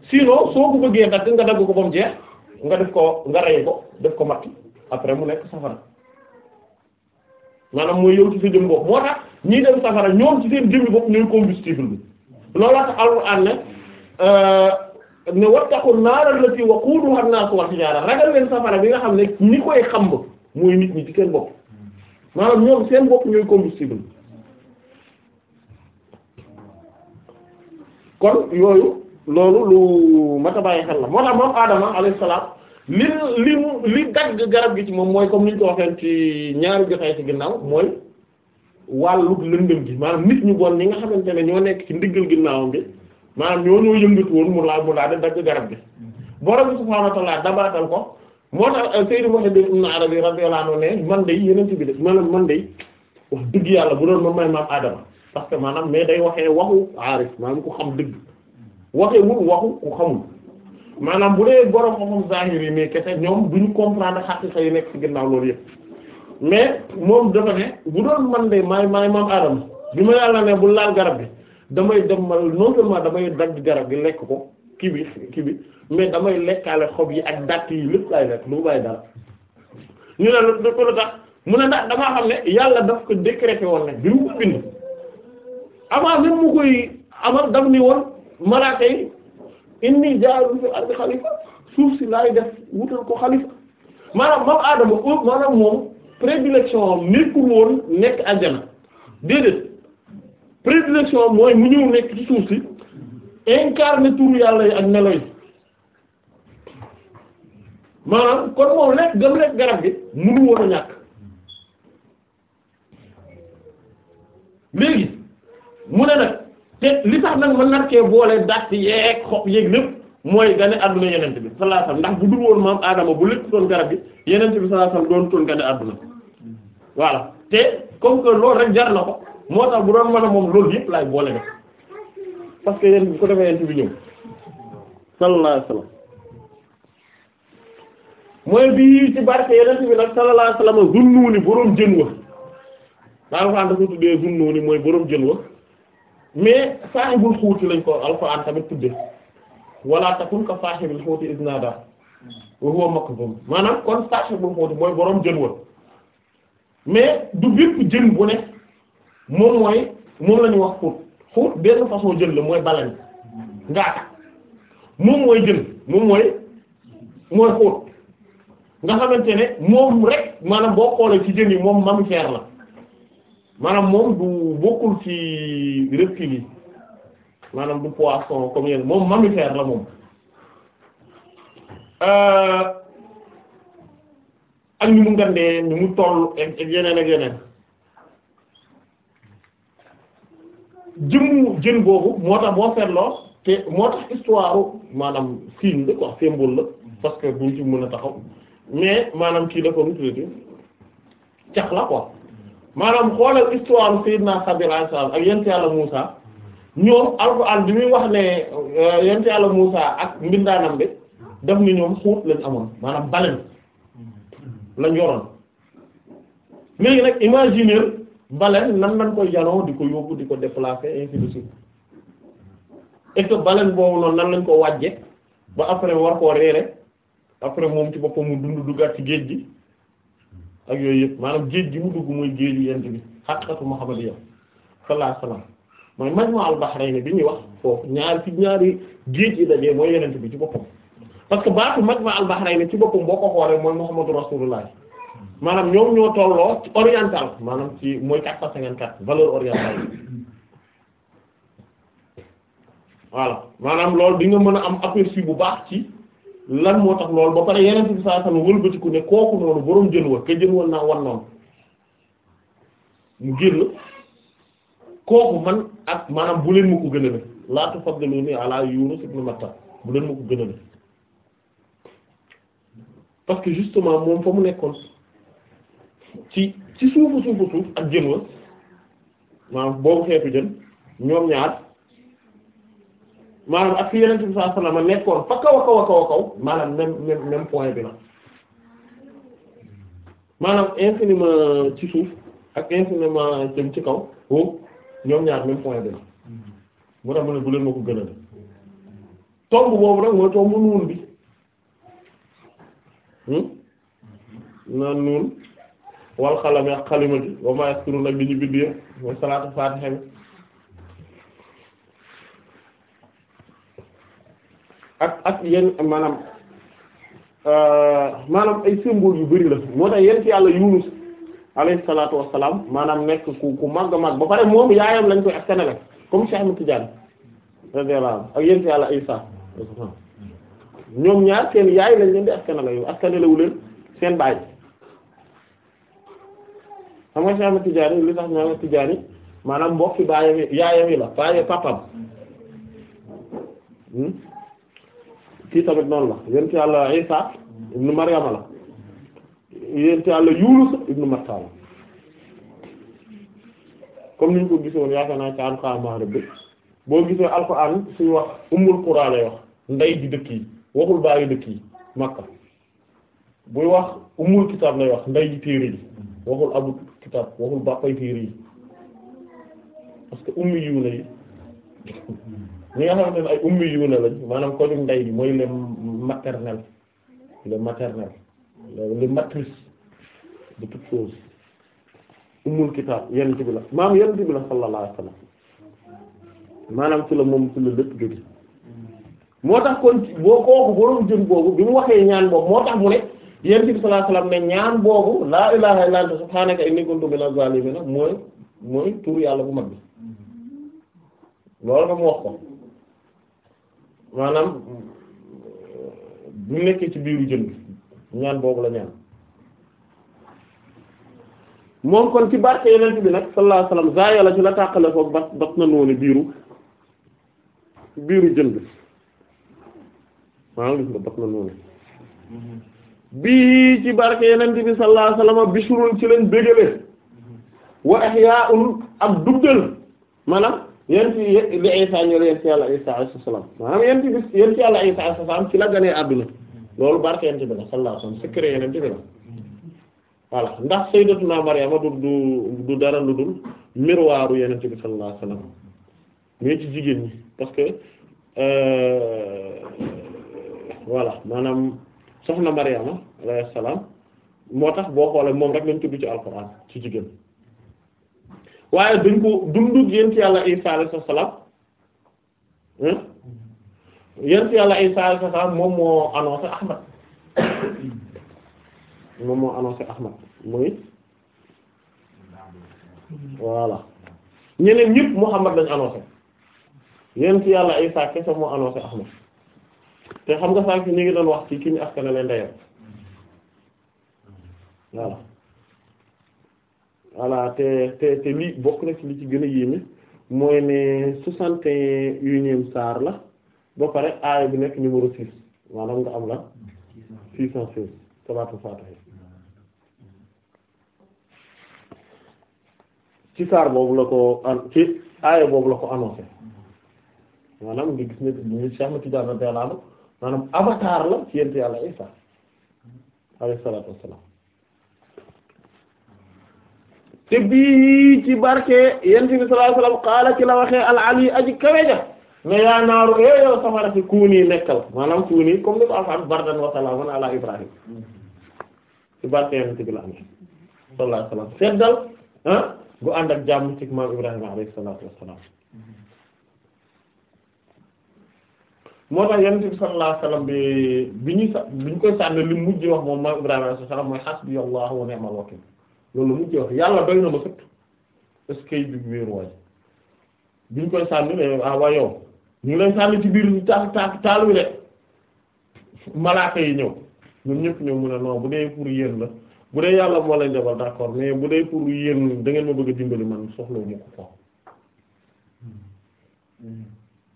sinon soo ko bëggee dagg nga dagg ko ba jeex nga def ko nga rey ko def ko matti après mu nekk safara maanaam mooy yow ci sa jëm bopp moo tax ñiy dem safara ñoom ci seen jëmmi bopp ñooy combustible bi loolaa tax alxuraan ne euh, ne wattaqu naaral lati waquuduha an-naasu wal hijaara ragal leen safara bi nga xam ne ñi koy mooy nit ñi ci seen bopp maanaam ñoom seen bopp ñooy combustible kon yooyu loolu lu mat a bàyyi xel la moo tax moom aadama alayhi salaam li li mu li dagg garab gi ci moom mooy comme ni ko waxee ci ñaari jotaay ci ginnaaw mooy wàllu lëndëm gi maanaam nit ñu bon ñi nga xamante ne ñoo nekk ci ndiggal ginnaawam bi maanaam ñoo ñoo yëngatu mu laa mu laa de dagg garab gi borom subhaanahu wa ta'aala dabaatal ko. moo tax euh, Sayyid Muhammad ibn Arabi radiyallahu anhu ne man de yeneen bi def maanaam man de wax dëgg yàlla bu doon man may maam aadama parce que maanaam mais day waxee waxu aarif maanaam ku xam dëgg waxee wul waxu ku xamul maanaam bu dee borom xam-xam zahiri yi mais kese ñoom bu ñu comprendre xaqiqa yi nekk ci ginnaaw loolu yëpp mais moom dafa ne bu doon man de maay maay maam Adama bi ma yàlla ne bu laal garab bi damay dem ma non seulement damay dagg garab gi lekk ko. kii bi kii bi mais damay lekkaale xob yi ak datt yi lépp laay lekk lu mu bàyyi dara ñu ne lu lu tax mu ne ndax damaa xam ne yàlla daf ko décrété woon nag bi mu bind avant même mu koy amal daf ni woon malaaka yi inni jaaru fi ardi xalifa suuf si laay def wutal ko xalifa maanaam moom aadama o maanaam moom prédilection am nekkul woon nekk àjjana déedéet prédilection mooy mu ñëw nekk ci suuf si incarné turu yàlla yi ak nelaw yi maanaam kon moom lekk gëm lekk garab gi munu woon a ñàkk léegi mu ne nag te li tax nag ma narkee boole dàtt yeeg xob yeeg lépp mooy gane àdduna yenent bi sallallahu alayhi wasallam ndax bu dul woon maam Adama bu lekk toon garab gi yenent bi sallallahu alayhi wasallam doon toon gane àdduna voilà te comme que loolu rek jar na ko moo tax bu doon mën a moom loolu yëpp laay boole def parce que yéen bu ko defee yent bi ñëw sallallahu alayhi wasallam mooy bii ci barke yenent bi nag sallallahu alayhi wasallam zunnuuni boroom jën wa alxuraan dafa tuddee zunnuuni mooy boroom jën wa mais saahibul xuuti lañ ko alxuraan tamit tudde wala takun ka saahibul xuuti iz naadaa wa huwa makzum maanaam kon saahibul xuuti mooy boroom jën wa mais du bépp jën bu ne moom mooy moom la wax xuut xuut benn façon jën la mooy baleine ngaata moom mooy jën moom mooy mooy xuut nga xamante ne moom rek maanaam boo xoolee ci jën yi moom mammifère la maanaam moom du bokkul ci reptile yi maanaam du poisson comme yéen moom mammifère la moom euh, ak ni mu ngandee ni mu toll ak yeneen ak yeneen jëmmu jën boobu moo tax boo seetloo te moo tax histoire maanaam film la quoi symbole la parce que buñ ci mën a taxaw mais maanaam kii la ko nu tuddati cax la quoi maanaam xoolal histoire Seydina Xadir alayhi salaam ak yent yàlla Muusa ñoom alxuraan bi muy wax ne euh, yent yàlla Muusa ak mbindaanam bi def ni ñoom xuut lañ amoon maanaam balen lañ yoroon léegi nag imaginer baleen nan lañ koy jaloo di ko yóbbu di ko déplacer ainsi de suite et que baleen boobu noonu nan lañ ko wàjje ba après war koo reere après moom ci boppam mu dund duggaat ci géej gi ak yooyu yëpp maanaam géej gi mu dugg mooy géeju yent bi xaqiqatu muhammadiyya sallallahu alayhi wasallam mooy majmu al bahrayn bi ñuy wax foofu ñaar ci ñaari géej yi dajee mooy yenent bi ci boppam parce que baatu majmu al bahrayn ci boppam boo ko xoolee mooy muhammadu rasulullah maanaam ñoom ñoo tolloo ci oriental maanaam ci mooy 454 valeur orientale voilà maanaam loolu di nga mën a am aperçu bu baax ci lan moo tax loolu ba pare yeneen bi saa sallam wëlbatiku ne kooku noonu boroom jën wa ka jën wal naa wan noonu mu génn kooku man ak maanaam bu leen ma ko gën a ne laatu faddalu ni ala Yunus ibn Matta bu leen ma ko gën a ne parce que justement moom fa mu nekkoon ci ci suufu a suuf ak jën wa maanaam boobu xeetu jën ñoom ñaar maanaam ak fi yeneen bi sallallahu alayhi wasallam nekkoon fa kaw a kaw a kaw a kaw maanaam même même même point bi na maanaam ci suuf ak infiniment jëm ci kaw foofu ñoom moo tax mu ne bu leen ko gënal tomb boobu nag mooy tomb nuun bi hmm? naan nuun wal xalami ak xalima bi wa ma yasturun ak li ñu bind yëpp mooy salaatu faatiha bi ak ak yenn maanaam euh, maanaam ay symbole yu bari la moo tax yéen ci yàlla Yunus alayhi salaatu wassalaam maanaam nekk ku ku màgg màgg ba pare moom yaayam lañ koy askanale comme Cheikh Ahmed Tidiane radiyallahu anhu ak yéen ci yàlla Isa ñoom ñaar seen yaay lañ leen di askanale yu askanalewu seen baay. xam nga Cheikh Ahmed li tax Cheikh Ahmed Tidiane maanaam mbokki baayam yaayam yi la baayam papam hmm? kii tamit noonu la yonent Yàlla Isa ibnu Maryama la yonent Yàlla Yunus ibnu Matta la comme niñ ko gisoon yaakaar naa ca Alxuraan maa rëbb boo gisee Alxuraan suy wax Ummul Quraa lay wax ndey di dëkk yi waxul baayu dëkk yi Makka buy wax Ummul Kitaab lay wax ndey di téere ji waxul abu kitaab waxul bàppaytiir yi parce que ummi yiw na yi ñi nga xamante ne ay ummi yiw lañ maanaam ko ñu ndey bi mooy le maternel le maternel le matrice de toute chose ummul kitaab yenn ci bi la maam yenn ci bi la sallallahu alayhi wasallam maanaam ci la moom ci la lépp jóge moo tax kon boo kooku boroom jën boobu bi mu waxee ñaan boobu moo tax mu ne yonent bi sallallahu alayhi wasallam ne ñaan boobu laa ilaaha illa anta subhaanaka inni kuntu minaz zaalimiin mooy mooy tur yàlla bu mag bi loolu nga mu wax ko maanaam bu nekkee ci biiru jën bi ñaan boobu la ñaan moom kon ci barke yonent bi nag sallallahu alayhi wasallam zaayo la ci la tàqale foog bat bat na noonu biiru biiru jën bi maanaam gis nga bat na noonu bii ci barke yeneen bi sallallahu alayhi wasallam bishrun ci lañ bégale wa ihya'un ak dundal maanaam yéen ci li Isa ñëw yéen ci yàlla Isa alayhi salaam maanaam yéen ci bis yéen ci yàlla Isa ci la ganee àdduna loolu barke yeneen bi la sallallahu alayhi wasallam secret yeneen bi la voilà ndax sayyidatuna Maryama du du du dara lu dul miroiru yeneen bi sallallahu alayhi wasallam ci jigéen ñi parce que euh, voilà maanaam. soxna Maryama alayhi salaam moo tax boo xoolee moom rek lañ tudd ci alxuraan ci jigéen waaye dañ ko dundu yent yàlla Isa alayhi salaam yent yàlla Isa alayhi salaam moom moo annoncé Ahmad moom moo annoncé Ahmad muy voilà ñeneen ñëpp Muhammad lañ annoncé yent yàlla Isa kese moo annoncé Ahmad te xam nga sànq ñu ngi doon wax ci ki ñu askanale ndeyam voilà voilà te te te lii bokk na ci li ci gën a yéeme mooy ne soixante et unième saar la ba pare aaya bi nekk numéro six maanaam nga am la six cent seize salaatul faatiha ci saar boobu la ko ci aaya boobu la ko annoncé maanaam nga gis ne ñu Cheikh Ahmad Tidiane radiyallahu anhu maanaam avatar la ci yent yàlla Isa alayhi salaatu wassalaam te bii ci barke yent bi sallallahu alayhi wasallam qaala ci la waxee al ali aji kawe ne yaa naaru eh yow safara si kuuni nekkal maanaam kuuni comme ni ko alxam bardan wa salaaman ala Ibrahim ci barke yent bi la seddal ah gu ànd ak maam Ibrahima alayhi salaatu wassalaam moo tax yonent bi sallallahu bi bi ñuy sa bi ñu koy sànni li mujj wax moom ma Ibrahima alayhi salaam mooy hasbiyallahu wa ni'mal wakiil loolu mujj wax yàlla doy na ma sëkk est-ce que bi bi ñu koy sànni ne ah ñu ngi lay sànni ci biir ta ta taal wi de malaaka yi ñëw ñoom ñëpp ñëw mu ne non bu dee pour yéen la bu dee yàlla moo leen jabal d'accord mais bu dee pour yéen da ngeen ma bëgg a dimbali man soxla wu ma ko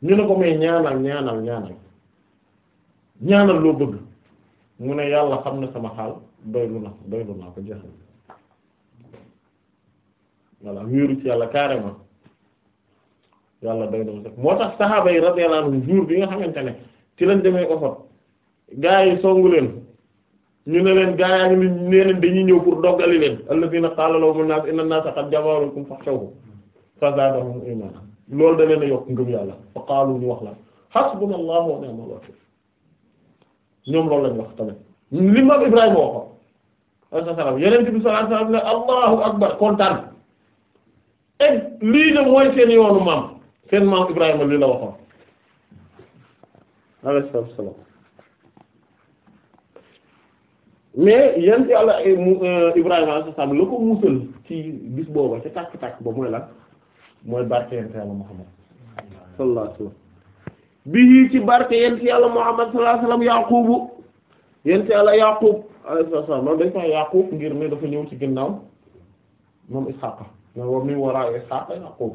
ñu ne ko may ñaanal ñaanal ñaanal ñaanal loo bëgg mu ne yàlla xam na sama xaal doylu na doylu naa ko jeexal voilà wéeru ci yàlla carrément yàlla doy na ma moo tax saxaaba yi radiyallahu anhum bi nga xamante ne ci lañ demee Uhud gaa yi songu leen ñu ne leen gaa ngi ne leen dañuy ñëw pour doggali leen allazina qaala lahumu naas inna naasa qad jama'u lakum fakhshawhum fazaadahum iimaanan loolu da leen a yokk ngëm yàlla fa qaalu ñu wax la hasbunallahu wa ni'mal wakiil ñoom loolu lañ wax tamit li maam Ibrahima waxoon alayhi salaam yonent bi sallallahu alayhi wasallam ne allahu akbar kontaan et lii de mooy seen yoonu maam seen maam Ibrahima lii la waxoon alayhi salaam mais yonent yàlla eh, euh, Ibrahima alayhi salaam la ko musal ci bis booba ca tàkk-tàkk ba mooy lan mooy barke yent yàlla Muhammad sallallahu alayhi wa sallam bii ci barke yent yàlla Muhammad sallallahu alayhi wa sallam Yaqubu yent yàlla Yaqub alayhi salaam loolu dañ koy Yaqub ngir ne dafa ñëw ci ginnaaw moom Ishaq na moom mi waraa Ishaq Yaqub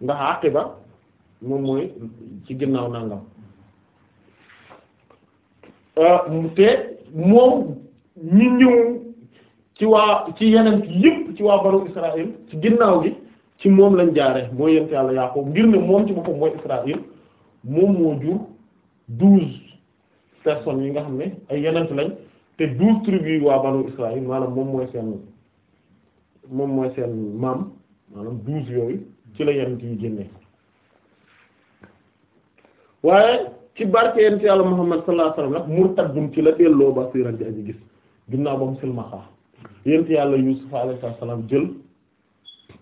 ndax aqiba moom mooy ci ginnaaw nangam euh, te moom ñi ñëw ci waa ci yeneen yëpp ci waa banu Israël ci ginnaaw gi ci moom lañ jaare mooy yent yàlla Yaaqub ngir ne moom ci boppam mooy Israël moom moo jur douze personnes yi nga xam ne ay yenent lañ te douze tribus waa banu Israël maanaam moom mooy seen moom mooy seen maam maanaam douze yooyu ci la yenent yi génnee waaye ci barke yent yàlla Muhammad sallallahu alayhi wasallam nag ci la delloo ba siran ji aji gis ginnaaw ba mu silmaxaa yent yàlla Yuusuf alayhi salaam jël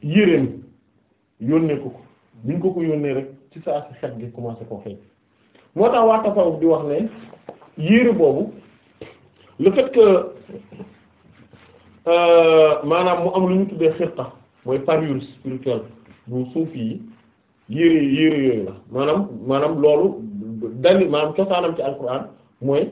yéreem yónnee ko ko biñ ko ko yónnee rek ci saa si xet gi commencé koo xeeñ moo tax waa tasawuf di wax ne yére boobu le fait euh, maanaam mu am lu ñu tuddee xirqa mooy parure spirituelle bu suufi yi yére yére yooyu la maanaam maanaam loolu dali maanaam cosaanam ci alquran mooy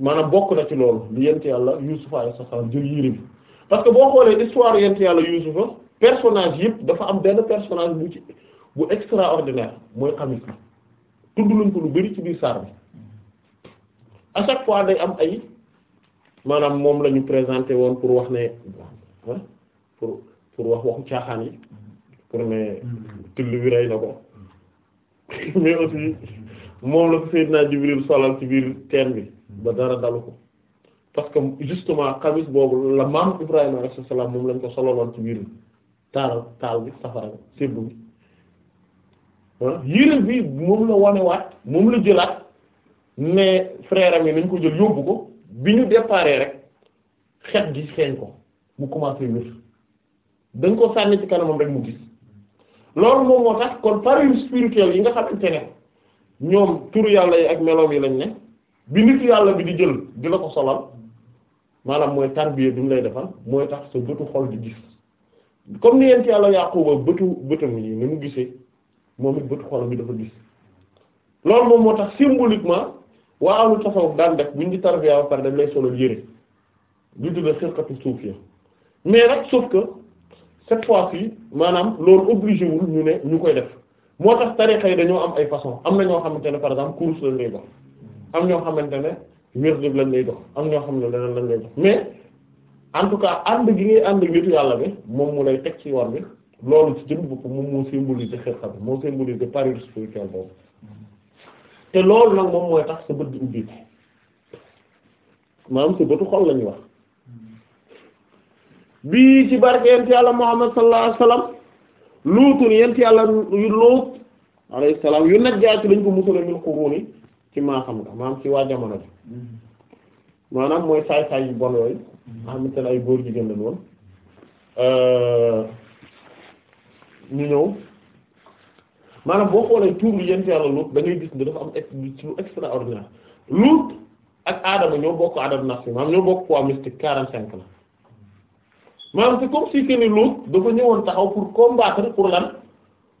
maanaam bokk na ci loolu li yent yàlla yusufa alayhi salam jël yére bi parce que boo xoolee histoire yent yàlla yusufa personnage yëpp dafa am benn personnage bu ci bu extraordinaire mooy xamis bi tudd nañ ko lu bari ci biir saar bi à chaque fois am ay maanaam moom la ñu présenté woon pour wax ne ah pour wax waxu caaxaan yi pour ne till wi rey ko mais aussi moom la ko Seydina Jibril solal ci biir teen bi ba dara dalu ko parce que justement xamis boobu la maam Ibrahima alayhi moom lañ ko solaloon ci biir taaral taal bi safara bi seddu bi yére bi moom la wanewaat moom la jëlaat ne frère yi nañ ko jël yóbbu ko bi ñu déparé rek xet gi xeeñ ko mu commencé wér dañ ko sànni ci kanamam rek mu gis loolu moom moo tax kon parure spirituelle yi nga xamante ne ñoom turu yàlla yi ak meloom yi lañ ne bi nit yàlla bi di jël di la ko solal maanaam mooy tarbiya bi mu lay defal mooy tax sa bëtu xol di gis comme ni yent yàlla Yaaquba bëtu bëtam yi ni mu gisee moom it bëtu xolam bi dafa gis loolu moom moo tax symboliquement waa amul tasawuf daan def buñ di tarbiya ba pare dañ lay solal yére du tudde xirqatu suufiya mais nag sauf que cette fois-ci maanaam loolu obligé ñu ne ñu koy def moo tax tarixa yi dañoo am ay façon am na ñoo xamante ne par exemple course lañ lay dox am ñoo xamante ne wér lañ lay dox am ñoo xam ne leneen lañ lay dox mais en tout cas ànd gi ngay ànd nitu yàlla bi moom mu lay teg ci yoon bi loolu ci jëm bopp moom moo symbolise xirxa bi moo te loolu nag moom mooy tax sa bët di ubbi maanaam sa bëtu xol la wax bii ci barke yent yàlla Muhammad sallallahu alayhi wasallam luutun yent yàlla luut alayhi salaam yu najjaati lañ ko musala min quruni ci maa xam nga maanaam ci waa jamono bi maanaam mooy saay-saay yu bon yooyu mm-hmm. nga xamante ne ay góor jigéen lañ woon euh, ñu ñëw maanaam boo xoolee tur bi yent yàlla Luut da ngay gis ne dafa am ci lu extraordinaire ak Adama ñoo bokk Adama nafsi maanaam ñoo bokk poids mystique quarante cinq la maanaam c'est comme si que ni dafa ñëwoon taxaw pour combattre pour lan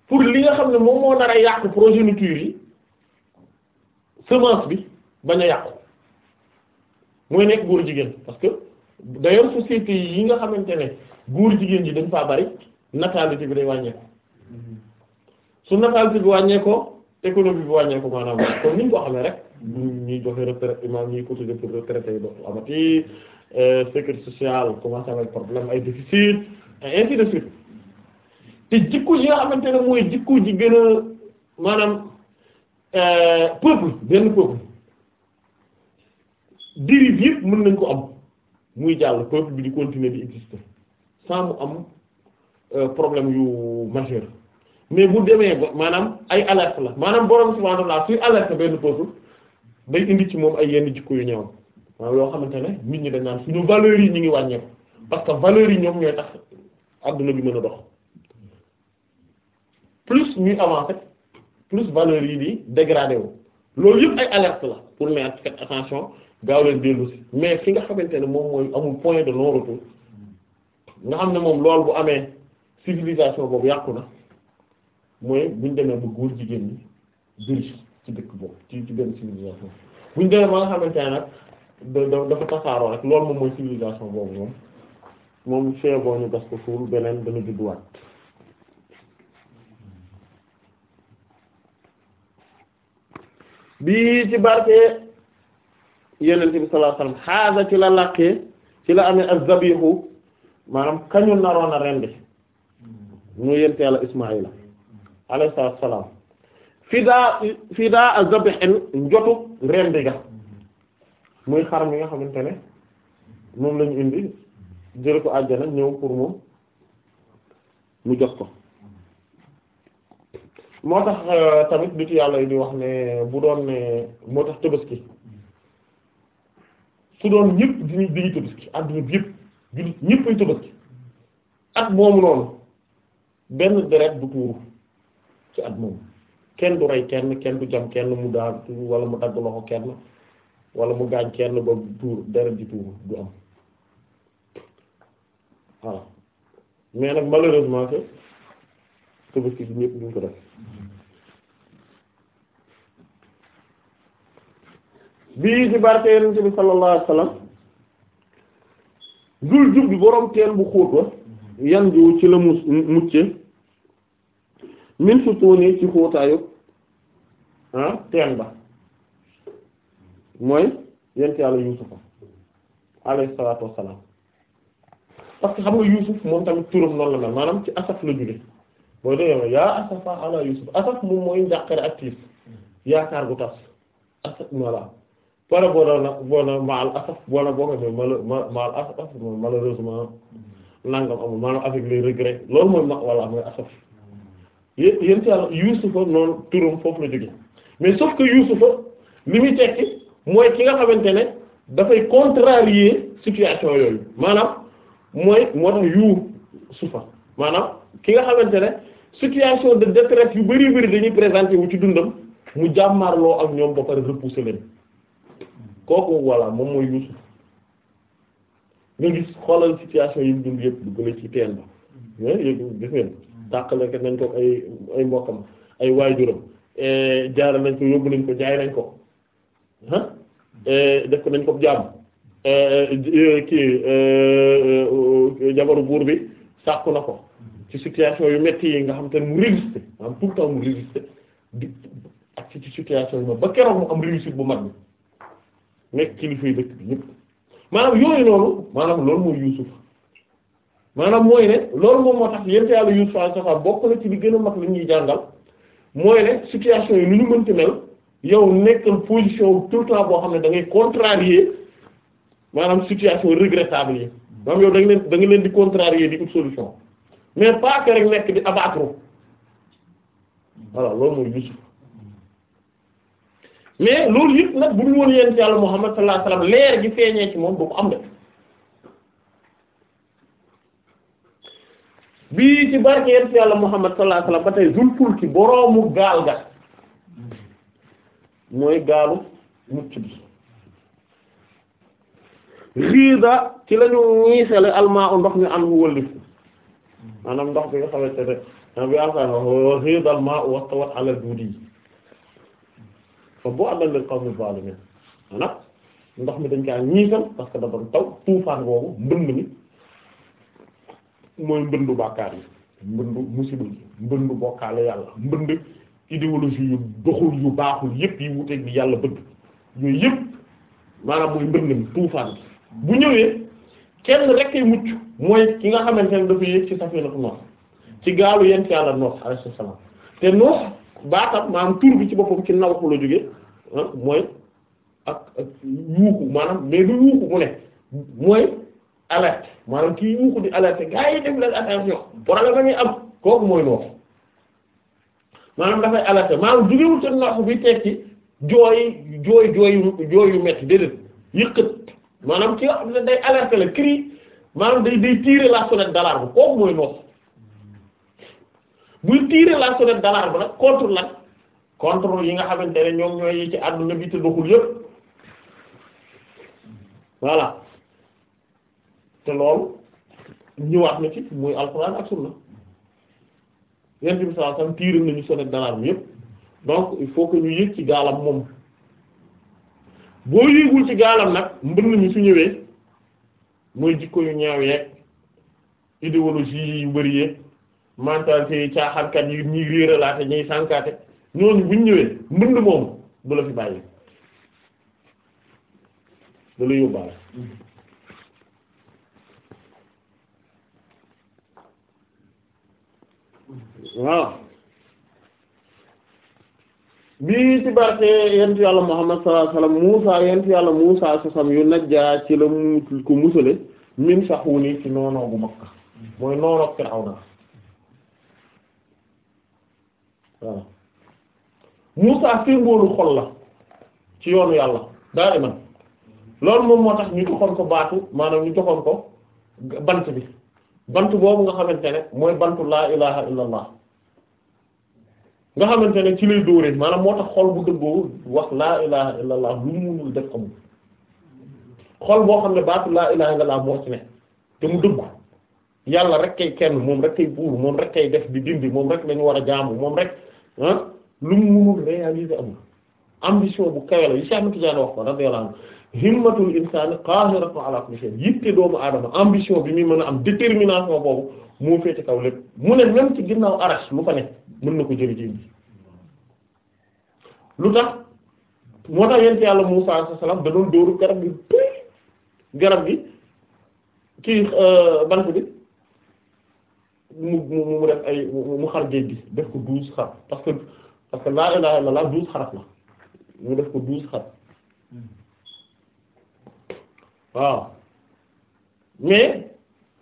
pour li nga xam ne moom moo nar a yàqu progéniture yi semence bi bañ a yàqu mooy nekk góor jigéen parce que d'ailleurs société yi nga xamante ne góor jigéen ji dañ faa bari natalité bi day wàññeeku mm-hmm. su natalité bi wàññeekoo économie bi wàññeeku maanaam comme niñ ko xamee rek mm-hmm. ñuy joxe retraite imam ñuy cotiser pour retraite yi dootu amati euh, sécurité sociale commencé am problème ay déficit te jikko yi nga xamante ne mooy jikko ji gën maanaam euh, peuple benn peuple dérive yëpp mën nañ ko am muy jàll peuple bi di continuer di exister sans mu am euh, problème yu majeur mais bu demee ba maanaam ay alerte la maanaam borom subhanahu wa ta'ala suy alerte benn peuple day indi ci moom ay yenn jikko yu ñëw maanaam yoo xamante ne nit ñi dañ naan suñu valeurs yi ñu ngi wàññeeku parce que valeur yi ñoom ñooy tax adduna bi mën a dox plus ñuy avancer plus valeurs yi di dégradé wu loolu yëpp ay alerte la pour ne attention gaaw leen dellu mais fi nga xamante ne moom mooy amul point de non retour nga xam ne moom lool bu amee civilisation boobu yàqu na mooy buñ demee bu góor jigéen ñi bëri ci dëkk boobu ci ci benn civilisation buñ demee ba nga xamante ne nag dafa tasaaroo rek loolu moom mooy civilisation boobu moom moom feeboo ñu gas ko suul beneen dana judduwaat bi ci barke yenent bi sallallahu alayhi wasallam ci la làqee ci la amee az-zabihu maanaam kañu naroon a rendi ñu yent yàlla ismaila alayhi salaam fidaa fidaa az-zabhin njotu rendi ga muy xar mi nga xamante ne moom lañu indi jële ko àjjana ñëw pour moom mu jox ko moo tax euh, tamit nitu yàlla yi wax ne bu doon ne moo tax tabaski su doon ñëpp diñu diñuy tabaski àdduna bi yëpp jullit ñëpp ay tabaski at moomu noonu benn deret du tuuru ci at moomu kenn du rey kenn kenn du jam kenn mu daal wala mu dagg loxo kenn wala mu gaañ kenn ba tuur deret ji tuuru du am waaw mais nag malheureusement bi ñëpp duñ ko def bii ci barke yonent bi sallallahu alayhi wasallam dul bi boroom teen bu xóot wa yan jiw ci la mu mucce min su tóonee ci xóotaayu ah, teen ba mooy yent yàlla yusufa alayhi salaatu wassalaam parce que xam nga yusuf moom tamit turam noonu la mel maanaam ci asaf la juge booy dégg yaa asafa ala yusuf asaf moom mooy njàqare ak tiis yaakaar gu tas asaf voilà wala boona nag boona maal asaf boona boo ko defee maal asaf moom malheureusement nangam amul maanaam avec les regrets loolu mooy ma wala mooy asaf yéen yéen ci yàlla Yuusufa noonu turam foofu la jóge mais sauf que Yuusufa li muy tekki mooy ki nga xamante ne dafay contrarier situation yooyu maanaam mooy moo tax Yuusufa maanaam ki nga xamante ne situation de détresse yu bari bari dañuy présenter wu ci dundam mu jàmmaarloo ak ñoom ba pare repousser leen. kooku voilà moom mooy Yuusuf nga gis xoolal situation yi mu dund yëpp dugg na ci teen ba eh, yëg gis ngeen nañ ko ay ay mbokkam ay waajuram eh, jaaral nañ ko yóbbu nañ ko jaay nañ ko eh, def ko nañ ko jaam kii jabaru buur bi sàkku na ko ci situation yu metti yi nga xam te ne mu résister maanaam tout le mu résister di ak ci situation yu ma ba keroog mu am réussite bu mag bi nekk kilifa yi dëkk bi yëpp maanaam yooyu noonu maanaam loolu mooy Yuusuf maanaam mooy ne loolu moom moo tax yent yàlla Yuusuf alayhi salaam bokk na ci li gën a mag la ñuy jàngal mooy ne situation yi nu ñu mënti mel yow nekkal position tout le boo xam ne da ngay contrarier maanaam situation regrettable yi maanaam yow da leen da nga leen di contrarier di une solution mais pas que rek nekk di abattre voilà loolu mooy Yuusuf mais loolu yëpp nag bu dul woon yéen ci yàlla Muhammad sallallahu alayhi wasallam leer gi feeñee ci moom du am de bii ci barke yéen ci yàlla Muhammad sallallahu alayhi ba tey zul fulki boroomu gaal ga mooy gaalu mucc bi riida ci lañu ñiisale almaa u ndox mi am wëllif maanaam ndox bi nga xamante ne bi alxames riida almaa u wattawat ala duudi fa bu'dan lil qawmi zalimin maanaam ndox mi dañ kaa ñiisal parce que da doon taw tuufaan boobu mbënd mi mooy mbëndu bàkkaar yi mbëndu musiba yi mbëndu bokkaale yàlla mbënd idéologie yu doxul yu baaxul yépp yi wuteeg bi yàlla bëgg yooyu yépp maanaam mooy mbënd mi tuufaan bi bu ñëwee kenn rek ay mucc mooy ki nga xamante ne dafa yéeg ci safina Nuux ci gaalu yent yàlla Nuux alayhi salaam te Nuux baatam maanaam tur bi ci boppam ci naw ko la jógee ah, mooy ak ak yuuxu maanaam mais du yuuxu mu ne mooy alerte maanaam kii yuuxu di alerte gaa yi def leen attention problème la ñuy am kooku mooy noox maanaam dafay alerte maanaam jógewul te noox bi tekki jooy jooy jooy jooy yu metti déedéet yëkkat maanaam ki xam ne day alerte la cri maanaam day day tirer la sonnette d'alarme kooku mooy noox buy tirer la sonnette d'alarme nag contre lan contre yi nga xamante ne ñoom ñooy yi ci àdduna bi te doxul yëpp voilà te loolu ñëwaat na ci muy alxuraan ak sunna yent bi sallallahu alayhi wasallam tirer nañu donc il faut que ñu yëg ci gaalam moom boo yëgul ci gaalam nag mbënn mi su ñëwee mooy jikko yu ñaaw yeeg idéologie yu bari yeeg mentalité yi caaxaankat yi ñuy réeralaate ñuy sànkaate ñooñu buñ ñëwee mbënd moomu du la fi bàyyi du la yóbbaale waaw bi ci barke yàlla Muhammad sallallahu alayhi yu najjaa ci la ko musale min saxuni ci noonoo bu Makka mooy noonoo Firawna waaw Moussa symbole xol la ci yoonu yàlla daal man loolu moom moo tax ñu joxoon ko baatu maanaam ñu joxoon ko bant bi bant boobu nga xamante ne mooy bantu laa ilaha illallah nga xamante ne ci lay dóoree maanaam moo tax xol bu dëggoo wax laa ilaha illallah lu mu munul def amul xol boo xam ne baatu laa ilaha illallah moo ci ne te mu dëggu yàlla rek kay kenn moom rek kay buur moom rek kay def di dindi moom rek lañu war a jaamu moom rek ah lu mu munul réaliser amul ambition bu kawe la yi Cheikh Ahmed Tidiane wax ko radiyallahu anhu himmatul insani qahiratun ala kulli shay yitte doomu aadama ambition bi muy mën a am détermination boobu moo féete kaw lépp mu ne même ci ginnaaw arash lu fa ne mën na ko jëli jëli lu tax moo tax yent yàlla Musa alayhi salaam da doon dóoru garab gi garab gi kii euh, bant bi mu mu mu def ay mu xar géej gi def ko douze xar parce que parce que laa ilaaha illallaah douze xaraf la mu def ko douze xar waaw mais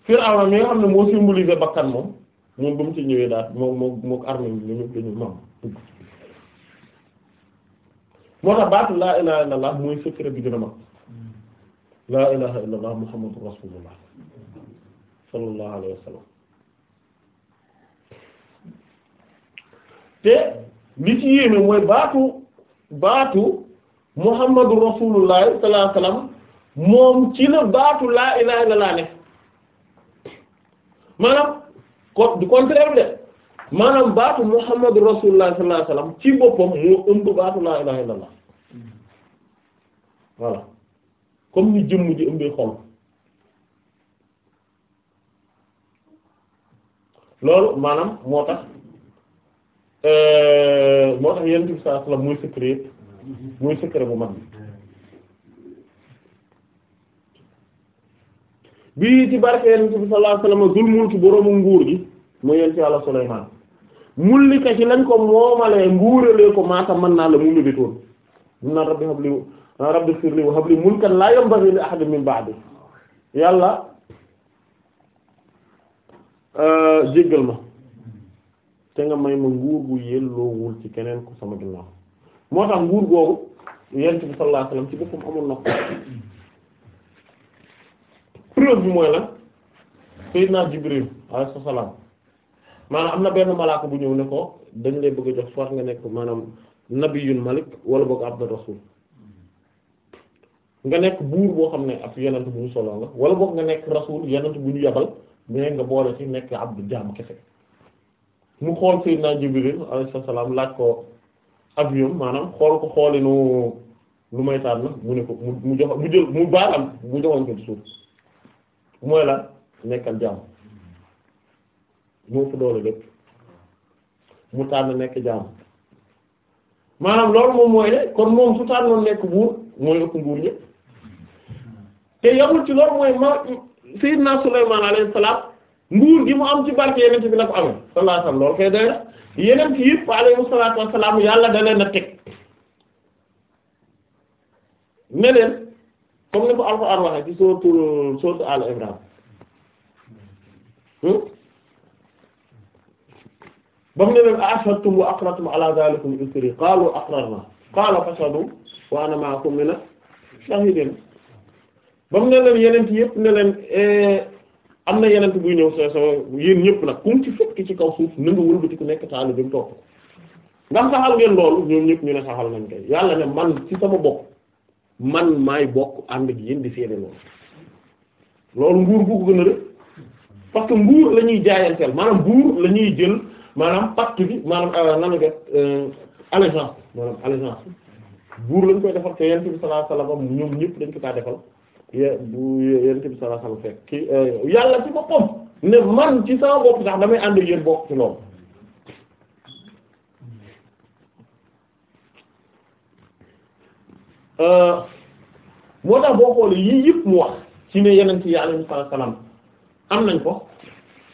Firawna mi nga xam ne moo symbolisé bakkan moom moom ba mu ci ñëwee daal moom moo moo armée bi ñu ñëpp dañu mam dugg moo tax baatu laa ilaaha illallaah mooy secret bi gën mag laa ilaaha illallaah muhammadur rasulullah sallallahu alayhi wa sallam te li ci yéeme mooy baatu baatu muhammadu rasulullah sallallahu alayhi moom ci la baatu laa ilaha illallah ne maanaam ko de maanaam baatu muhammadu rasulullah sallallahu alayhi ci boppam moo ëmb baatu laa ilaha illallah voilà comme ni jëmm ji ëmbee xol loolu maanaam moo tax Euh, moo tax yenn bi saa salaam muy secret yëpp muy secret bu mag bi bii ci barke yenn bi sallallahu alayhi wasallam dul mulk boroomu nguur gi mooy yenn ci Yàlla Sulaymaan mulika ci lañ ko moomalee nguuralee ko maata mën naa la mu mébétoon mun naa rabbi habli rabbi firli wa habli mulkan laa yanbaghi li ahadin min ba'di yàlla euh, jéggal ma te nga may ma nguur gu yelloowul ci keneen ku sama ginnaaw moo tax nguur googu yent bi sallallahu alayhi wasallam ci boppam amul na ko preuve bi mooy lan sayyidna Jibril alayhi salaam maanaam am na benn malaaka bu ñëw ne ko dañ lay bëgg a jox soit nga nekk maanaam nabiyun malik wala boog abdur rasul nga nekk buur boo xam ne ab yenent bu ñu solo nga wala boog nga nekk rasul yenent bu ñu yabal mais nga boole ci nekk abdu jaam kese mu xool Seydina Jibril alayhi salaam laaj ko avion maanaam xool ko xoolinu lu may tànn mu ne ko mu mu jox mu jël mu baaram mu joxoon ko suuf mooy la nekkal jaam moo fu doole lépp mu tànn nekk jaam maanaam loolu moom mooy ne kon moom su tànnoon nekk buur mooy ëpp nguur ñëpp te yamul ci loolu mooy ma Seydina Sulaymaan alayhi salaam nguur gi mu am ci barke yeneen bi la ko amee sallallahu alayhi wasallam loolu yeneen ci yëpp alayhi salaatu wassalaam yàlla da leen a ne leen comme ni ko Alxuraan waxee ci sourate sourate Al Imran hmm? ba mu ne leen ashhadtum wa aqrartum ala zalikum isri qaalu aqrarna qaala fashhadu wa ana ma'akum mina shahidiin ba mu ne leen yeneen ci yëpp ne leen eh, am na yeneen buy ñëw sa sa yéen ñëpp nag kum ci fekk ci kaw suuf na nga wëlbati ku nekk taal bi mu topp ndax saxal ngeen loolu ñoom ñëpp ñu ne saxal nañ koy yàlla ne man ci sama bokk man maay bokk ànd ak yéen di seede loolu loolu nguur ko gën a rëkk parce que nguur la ñuy jaayanteel maanaam buur la ñuy jël maanaam pacte bi maanaam euh, nan nga euh, allégeance maanaam allégeance buur lañ koy defal te yonent bi sallallahu alayhi wasallam ñoom ñëpp dañ ko kaa defal. bu eh, yàlla ci boppam ne man ci sama bopp sax damay ànd yéen bokk ci loolu eh, moo tax boo xoolee yii yëpp mu wax ci ne yonent yi alayhi salaam am nañ ko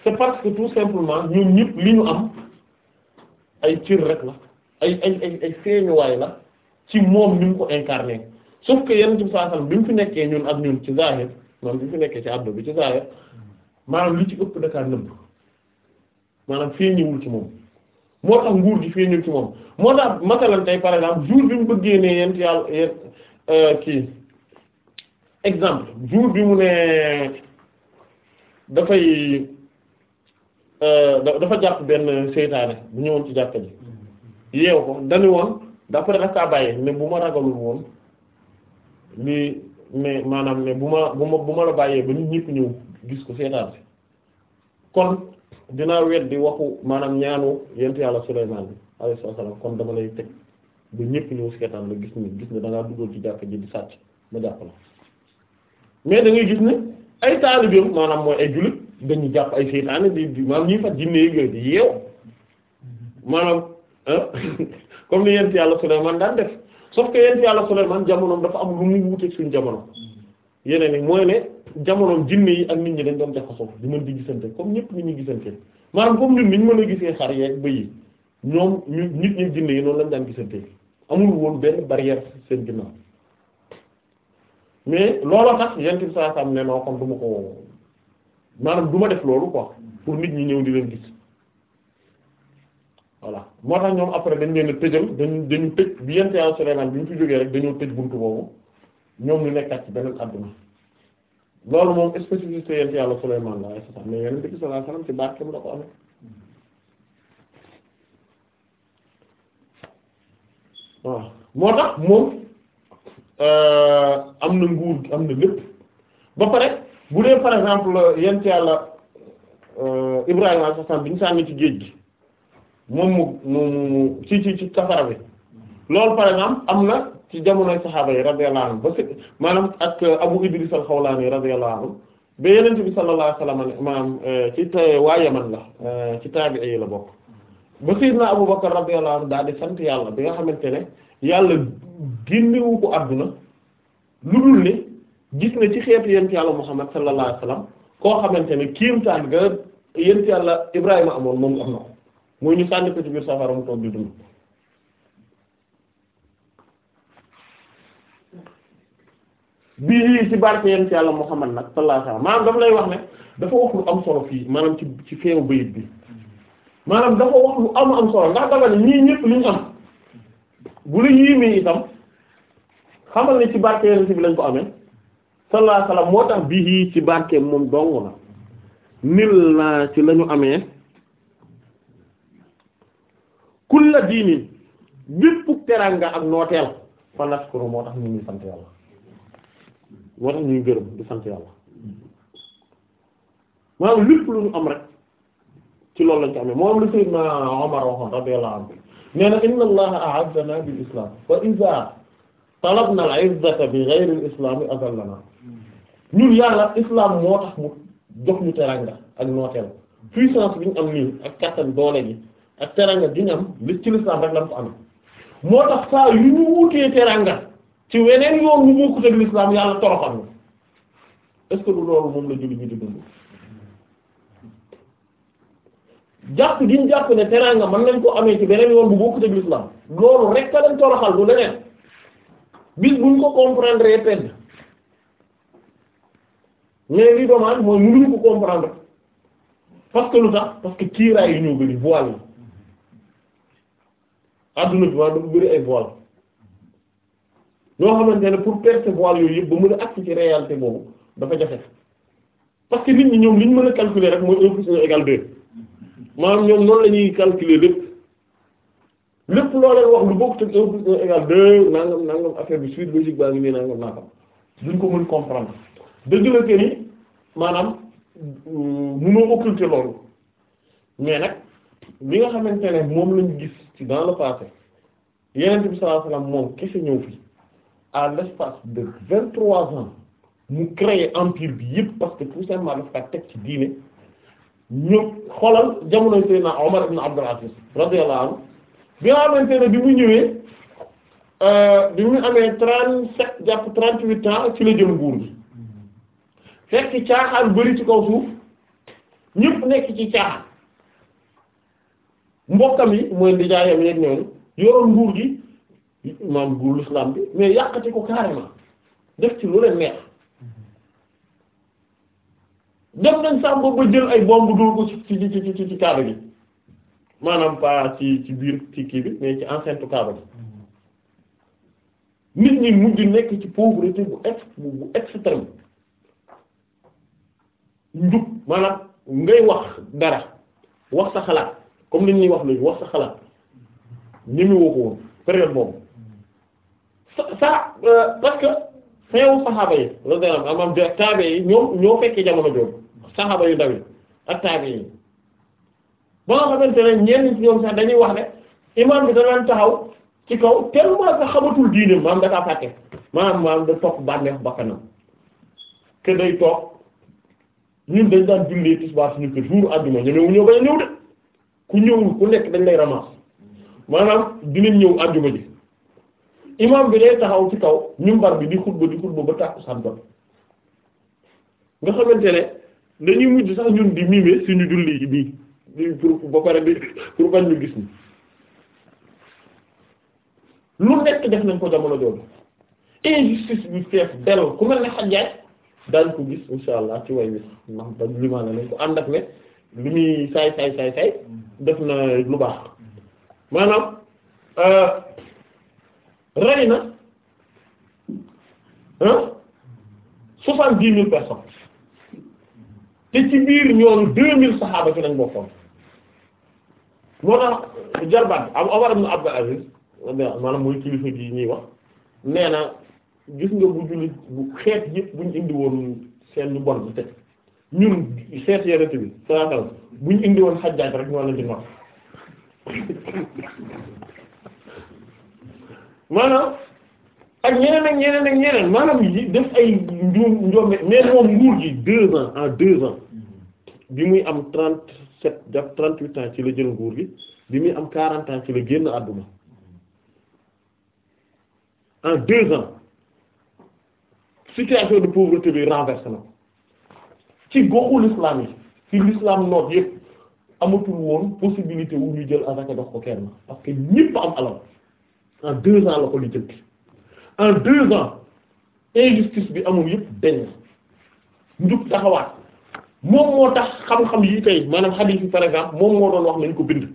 c'est parce que tout simplement ñoom ñëpp li ñu am ay cër rek la ay ay ay feeñuwaay la ci moom ni mu ko incarné. sauf que yenn ci saa sallam bi mu fi nekkee ñun ak ñun ci zahir maanaam bi mu fi nekkee ci àdduna bi ci zahir maanaam lu ci ëpp dakaa nëbb maanaam feeñewul ci moom moo tax nguur gi feeñul ci moom moo tax masalan tey par exemple jour mu bëggee ne yent euh, kii exemple jour bi mu ne euh, dafa jàpp benn seytaane bu ñëwoon ci jàkka ji yeew ko dañu woon d'après dafa bàyyi ne bu ma ragalul woon ni mais maanaam ne bu ma bu ma bu ma la bàyyee ba ñu ñëpp ñëw gis ko seetaan si kon dinaa weddi waxu maanaam ñaanu yent yàlla Sulaymaan bi alayhi salaam kon dama lay teg ba ñëpp ñëw seetaan la gis ni gis ne da ngaa duggoon ci jàkk ji di sàcc ma jàpp la mais da ngay gis ne ay taalibeem maanaam mooy ay jullit dañu jàpp ay seytaane di di maanaam ñuy fat jinne yooyu di yeew maanaam ah, comme ni yent yàlla Sulaymaan daan def sauf que yéen yàlla Sulaymaan jamonoom dafa am lu muy wuteeg suñu jamono yeneen ni mooy ne jamonoom jinne yi ak nit ñi dañ doon jaxasoo di mën di gisante comme ñëpp ni ñuy gisante maanaam comme ñun ni ñu mën a gisee xar yeeg bëy yi ñoom ñu nit ñi jinne yi noonu lañ daan gisante amul woon benn barrière seen ginnaaw mais looloo tax yent bi saa saam ne noo kon du ma ko maanaam du ma def loolu quoi pour nit ñi ñëw di leen gis voilà moo tax ñoom après dañ leen tëjal dañu dañu tëj bi yent yàlla Sulaymaan bi ñu fi jógee rek dañoo tëj buntu boobu ñoom ñu nekkaat ci beneen àdduna loolu moom spécificité yent yàlla Sulaymaan la waaye sax mais ko moo tax moom euh, am na nguur am na lépp ba pare bu dee par exemple yent yàlla euh, Ibrahima alayhi salaam bi ñu sànni ci géej gi moom mu mu mu ci ci ci safara bi loolu par exemple am na ci jamonoy saxaaba yi radiyallahu anhu ba maanaam ak euh, Abu Idris al-Xawlaani radiyallahu anhu ba Yonent bi sallallahu alayhi wa sallam maanaam euh, ci waa Yaman la euh, ci taabi'i yi la bokk ba Sayyidina Abu Bakar radiyallahu anhu daal di sant yàlla bi nga xamante ne yàlla génnewu ko àdduna lu dul ne gis na ci xeetu Yonent yàlla Muhammad sallallahu alayhi wa sallam koo xamante ne kéemtaan ga Yonent yàlla Ibrahima amoon moom am na ko mooy ñu sànni ko ci biir safara toog di dund ci barke yéen ci yàlla Muhammad nag sallallahu alayhi wasallam maanaam dama lay wax ne dafa wax lu am solo fii maanaam ci ci feewu bayit bi maanaam dafa wax lu am am solo ndax dama ne ñii ñëpp li am bu la yéemee itam xamal ne ci barke yéen ci bi lañ ko amee sallallahu moo tax bii ci barke moom dong na nil naa ci lañu amee. kulla diinin bépp teranga ak nooteel fa naskuru moo tax ñu ngi sant yàlla moo tax ñu gërëm di sant yàlla maanaam lépp am rek loolu lañ ko amee moom lu sayyidna Umar waxoon radiyallahu anhu nee ñun yàlla islam moo tax mu jox ñu teranga ak nooteel puissance bi ñu am nii ak kattan doole gi ak teranga gi ñu am li ci lislaam rek lan ko am moo tax saa yu ñu wutee teranga ci weneen yoon wu bokkut ak lislaam yàlla toroxal na est-ce que moom la jullit ñi di dund jàpp gi ñu jàpp ne teranga ko amee ci beneen yoon bu bokkut ak lislaam loolu rek ka leen toroxal du leneen bis buñ ko comprendre pend mais li ko comprendre parce lu tax parce kiiraay yi ñoo gën a voile àdduna bi waaw dafa bëri ay voile ñoo xamante ne pour percer voile yooyu yëpp ba mën a àgg ci réalité boobu dafa jafe parce que nit ñi ñoom li ñu mën a calculer rek mooy un plus égal deux maanaam ñoom noonu la ñuy calculer lépp lépp loo leen wax lu bokk te un plus un égal deux nangam nangam affaire bi suite logique baa ngi nii nangam nangam duñ ko mën comprendre dëgg la que ni maanaam mm, mënoo occulter loolu mais nag li nga xamante ne moom lañ gis. ci dans le passé yeneen bi sallallahu alayhi wasallam moom kese ñëw fi à l'espace de vingt trois ans mu créer empire bi yëpp parce que tout simplement daf ka teg ci diine ñu xoolal jamono Seydina Omar ibn Abdul Aziz radiyallahu anhu bi nga xamante ne euh, amee trente sept jàpp trente huit ans ci la jël nguur gi fekk caaxaan bari ci kaw suuf ñëpp nekk ci caaxaan mbokkam yi mooy nijaayam yeeg ñooñu yoroon nguur gi maam nguur l'islam bi mais yàqati ko carrément def ci lu leen neex dem nañ sax ba jël ay bomb dóor ko ci ci ci ci ci kaaba gi maanaam pas ci ci biir ci kii bi mais ci enceinte kaaba gi nit ñi mujj nekk ci pauvreté bu ex bu extrême njub maanaam ngay wax dara wax sa xalaat comme ni ñuy wax léegi wax sa xalaat ni mu woo woon période boobu sa sa euh, parce que feewu saxaaba yi radiyallahu anhum taabe yi ñoo ñoo fekkee jamono jooju saxaaba yu ndaw yi ak taabe yi ba nga xamante ne ñenn ci ñoom sax dañuy wax ne imaam bi danañ taxaw ci kaw tellement que xamatul diine maam da kaa fàtte maanaam maam da topp bànneex bakkanam que day toog ñun dañ daan jullee tisbaar suñu kër jour àjjuma ñemewuñu ñëw bañ a ñëw de. ku ñëwul ku nekk dañ lay ramas maanaam dinañ ñëw àjjuma ji imam bi day taxaw ci kaw minbar bi di xutba di xutba ba tàkkusaan ba nga xamante ne dañuy mujj sax ñun di mimer suñu julli bii di pour ba pare bi pour bañ ñu gis ni lu nekk def nañ ko jamono jooju injustice bi fees del ku mel ne xajaaj daañ ko gis insha allah ci way wi ndax dañ limaale nañ ko ànd ak ne li muy saay saay saay saay def na lu baax maanaam euh, rey na soixante dix mille personnes te ci biir ñoonu deux mille saxaaba ci lañ bokkoon moo tax jarbaat am Umar ibn Abdul Aziz maanaam mooy kilifa gi ñuy wax nee na gis nga bu jullit bu xeet yëpp buñ indi woon seen ñu bon bi ñun seet yerete bi buñ indi woon xajjaaj rek ñoo la ci nox maanaam ak ñeneen ak ñeneen ak ñeneen maanaam def ay njuum njoome mais moom nguur gi deux ans en deux ans bi muy am trente sept jàpp trente huit ans ci la jël nguur gi bi muy am quarante ans ci la génn àdduna en deux ans situation de pauvreté bi renversé na ci goxu l'islam yi ci l'islam noot yëpp amatul woon possibilité wu jël azaka dox ko kenn parce que ñëpp am alal en deux ans la ko li jëkk en deux ans injustice bi amul yëpp benn njub taxawaat moom moo tax xam-xam yi tey maanaam hadith yi par exemple moom moo doon wax nañ ko bind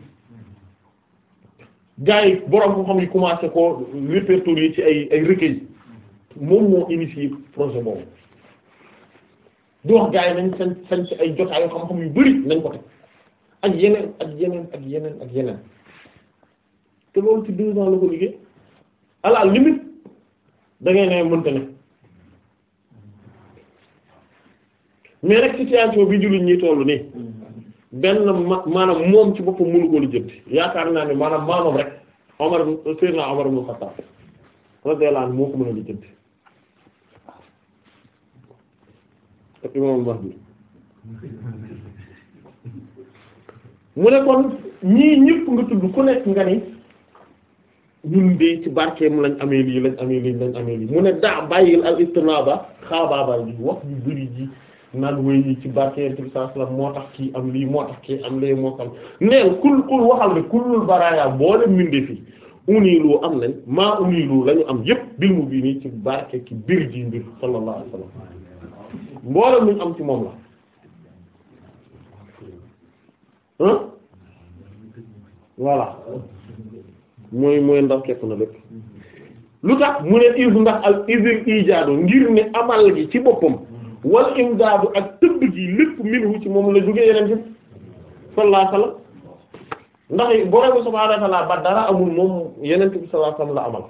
gars yi boroom ko xam yi commencé ko répertorier ci ay ay recueil moom moo initié projet boobu di wax gaa yi nañ sañ sañ ci ay jotaayu xam-xam yu bari nañ ko teg ak yeneen ak yeneen ak yeneen te loolu ci deux ans la ko liggéey à la limite da ngay ne mënta ne mais rek situation bi jullit ñi tollu nii benn ma maanaam moom ci boppam mënu ko lu jëndi yaakaar naa ne maanaam maanaam rek Omar Seydina Omar ibn Khattab radiyallahu anhu moo ko mën a lu jëndi ak imaamul Mahdi mu ne kon ñii ñëpp nga tudd ku nekk nga ni ñun de ci barkeem lañ amee lii lañ amee lii lañ amee lii mu ne daa bàyyil al istinaba xaabaabal ji wax yu bëri ji naan wéy yi ci barkeem bi saa salaam moo tax kii am lii moo tax kii am lee moo xam neel kul kul waxal ne kulul baraaya boole mbindee fi unilu am nañ maa unilu la ñu am yëpp bil mu bii nii ci barke ki biir ji mbir sallallahu alayhi wa mboolem luñ am ci moom la hein voilà mooy mooy ndax kepp na lépp lu tax mu ne is ndax al isir ijaadu ngir ne amal gi ci boppam wal imdaadu ak tëbb gi lépp minhu ci moom la jógee yeneen ci sallallahu alayhi wasallam ndax borom subhaanahu wa ba dara amul moom yeneen bi sallallahu la amal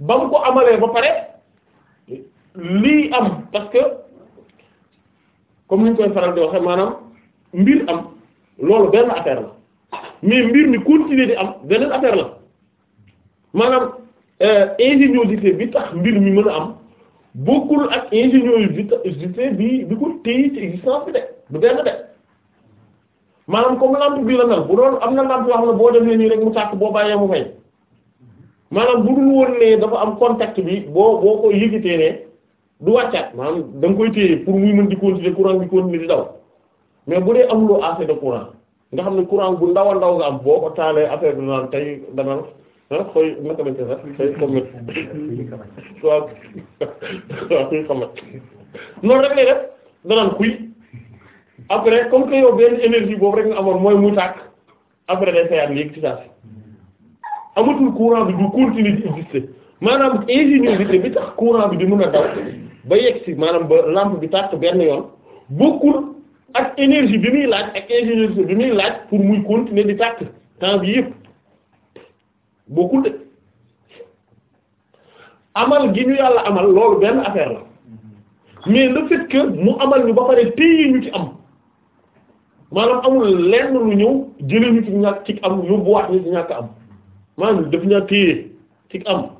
ba mu ko amalee ba pare lii am parce que comme ni ñu koy faral di waxee maanaam mbir am loolu benn affaire la mais mbir mi continuer di am beneen affaire la maanaam euh, ingéniosité bi tax mbir mi mën a am bokkul ak ingéniosité bi bi ko téye ci existence bi de du benn de maanaam comme lampe bii la mel bu doon am na lampe yoo xam ne boo demee nii rek mu tàkk boo bàyyee mu fay maanaam bu dul woon ne dafa am contact bi boo boo ko yëgitee ne du wàccaat maanaam da koy téye pour muy mën di continuer courant di daw mais bu dee amuloo assez de courant nga xam ne courant bu ndaw a ndaw nga am boo ko taalee affaire bi naan tey dana ah xëy naka lañ koy wax xëy danaan kuy après comme que yow benn énergie boobu rek nga amoon mooy mu tàkk après day fayaat léegi ci saa si amatul courant bi du continuer di exister maanaam ingéniosité bi tax courant bi di mën a daw ba yegg si maanaam ba lampe bi tàkk benn yoon bokkul ak énergie bi muy laaj ak énergie bi muy laaj pour muy continuer di tàkk temps bi yëpp bokkul de amal gi ñu yàlla amal loolu benn affaire la mais le fait mu amal ñu ba pare téye ñu ci am maanaam amul lenn lu ñëw jëlee ñu ci ñàkk ci am yóbbuwaat ñu ci ñàkk am maanaam daf ñaa téye ci am.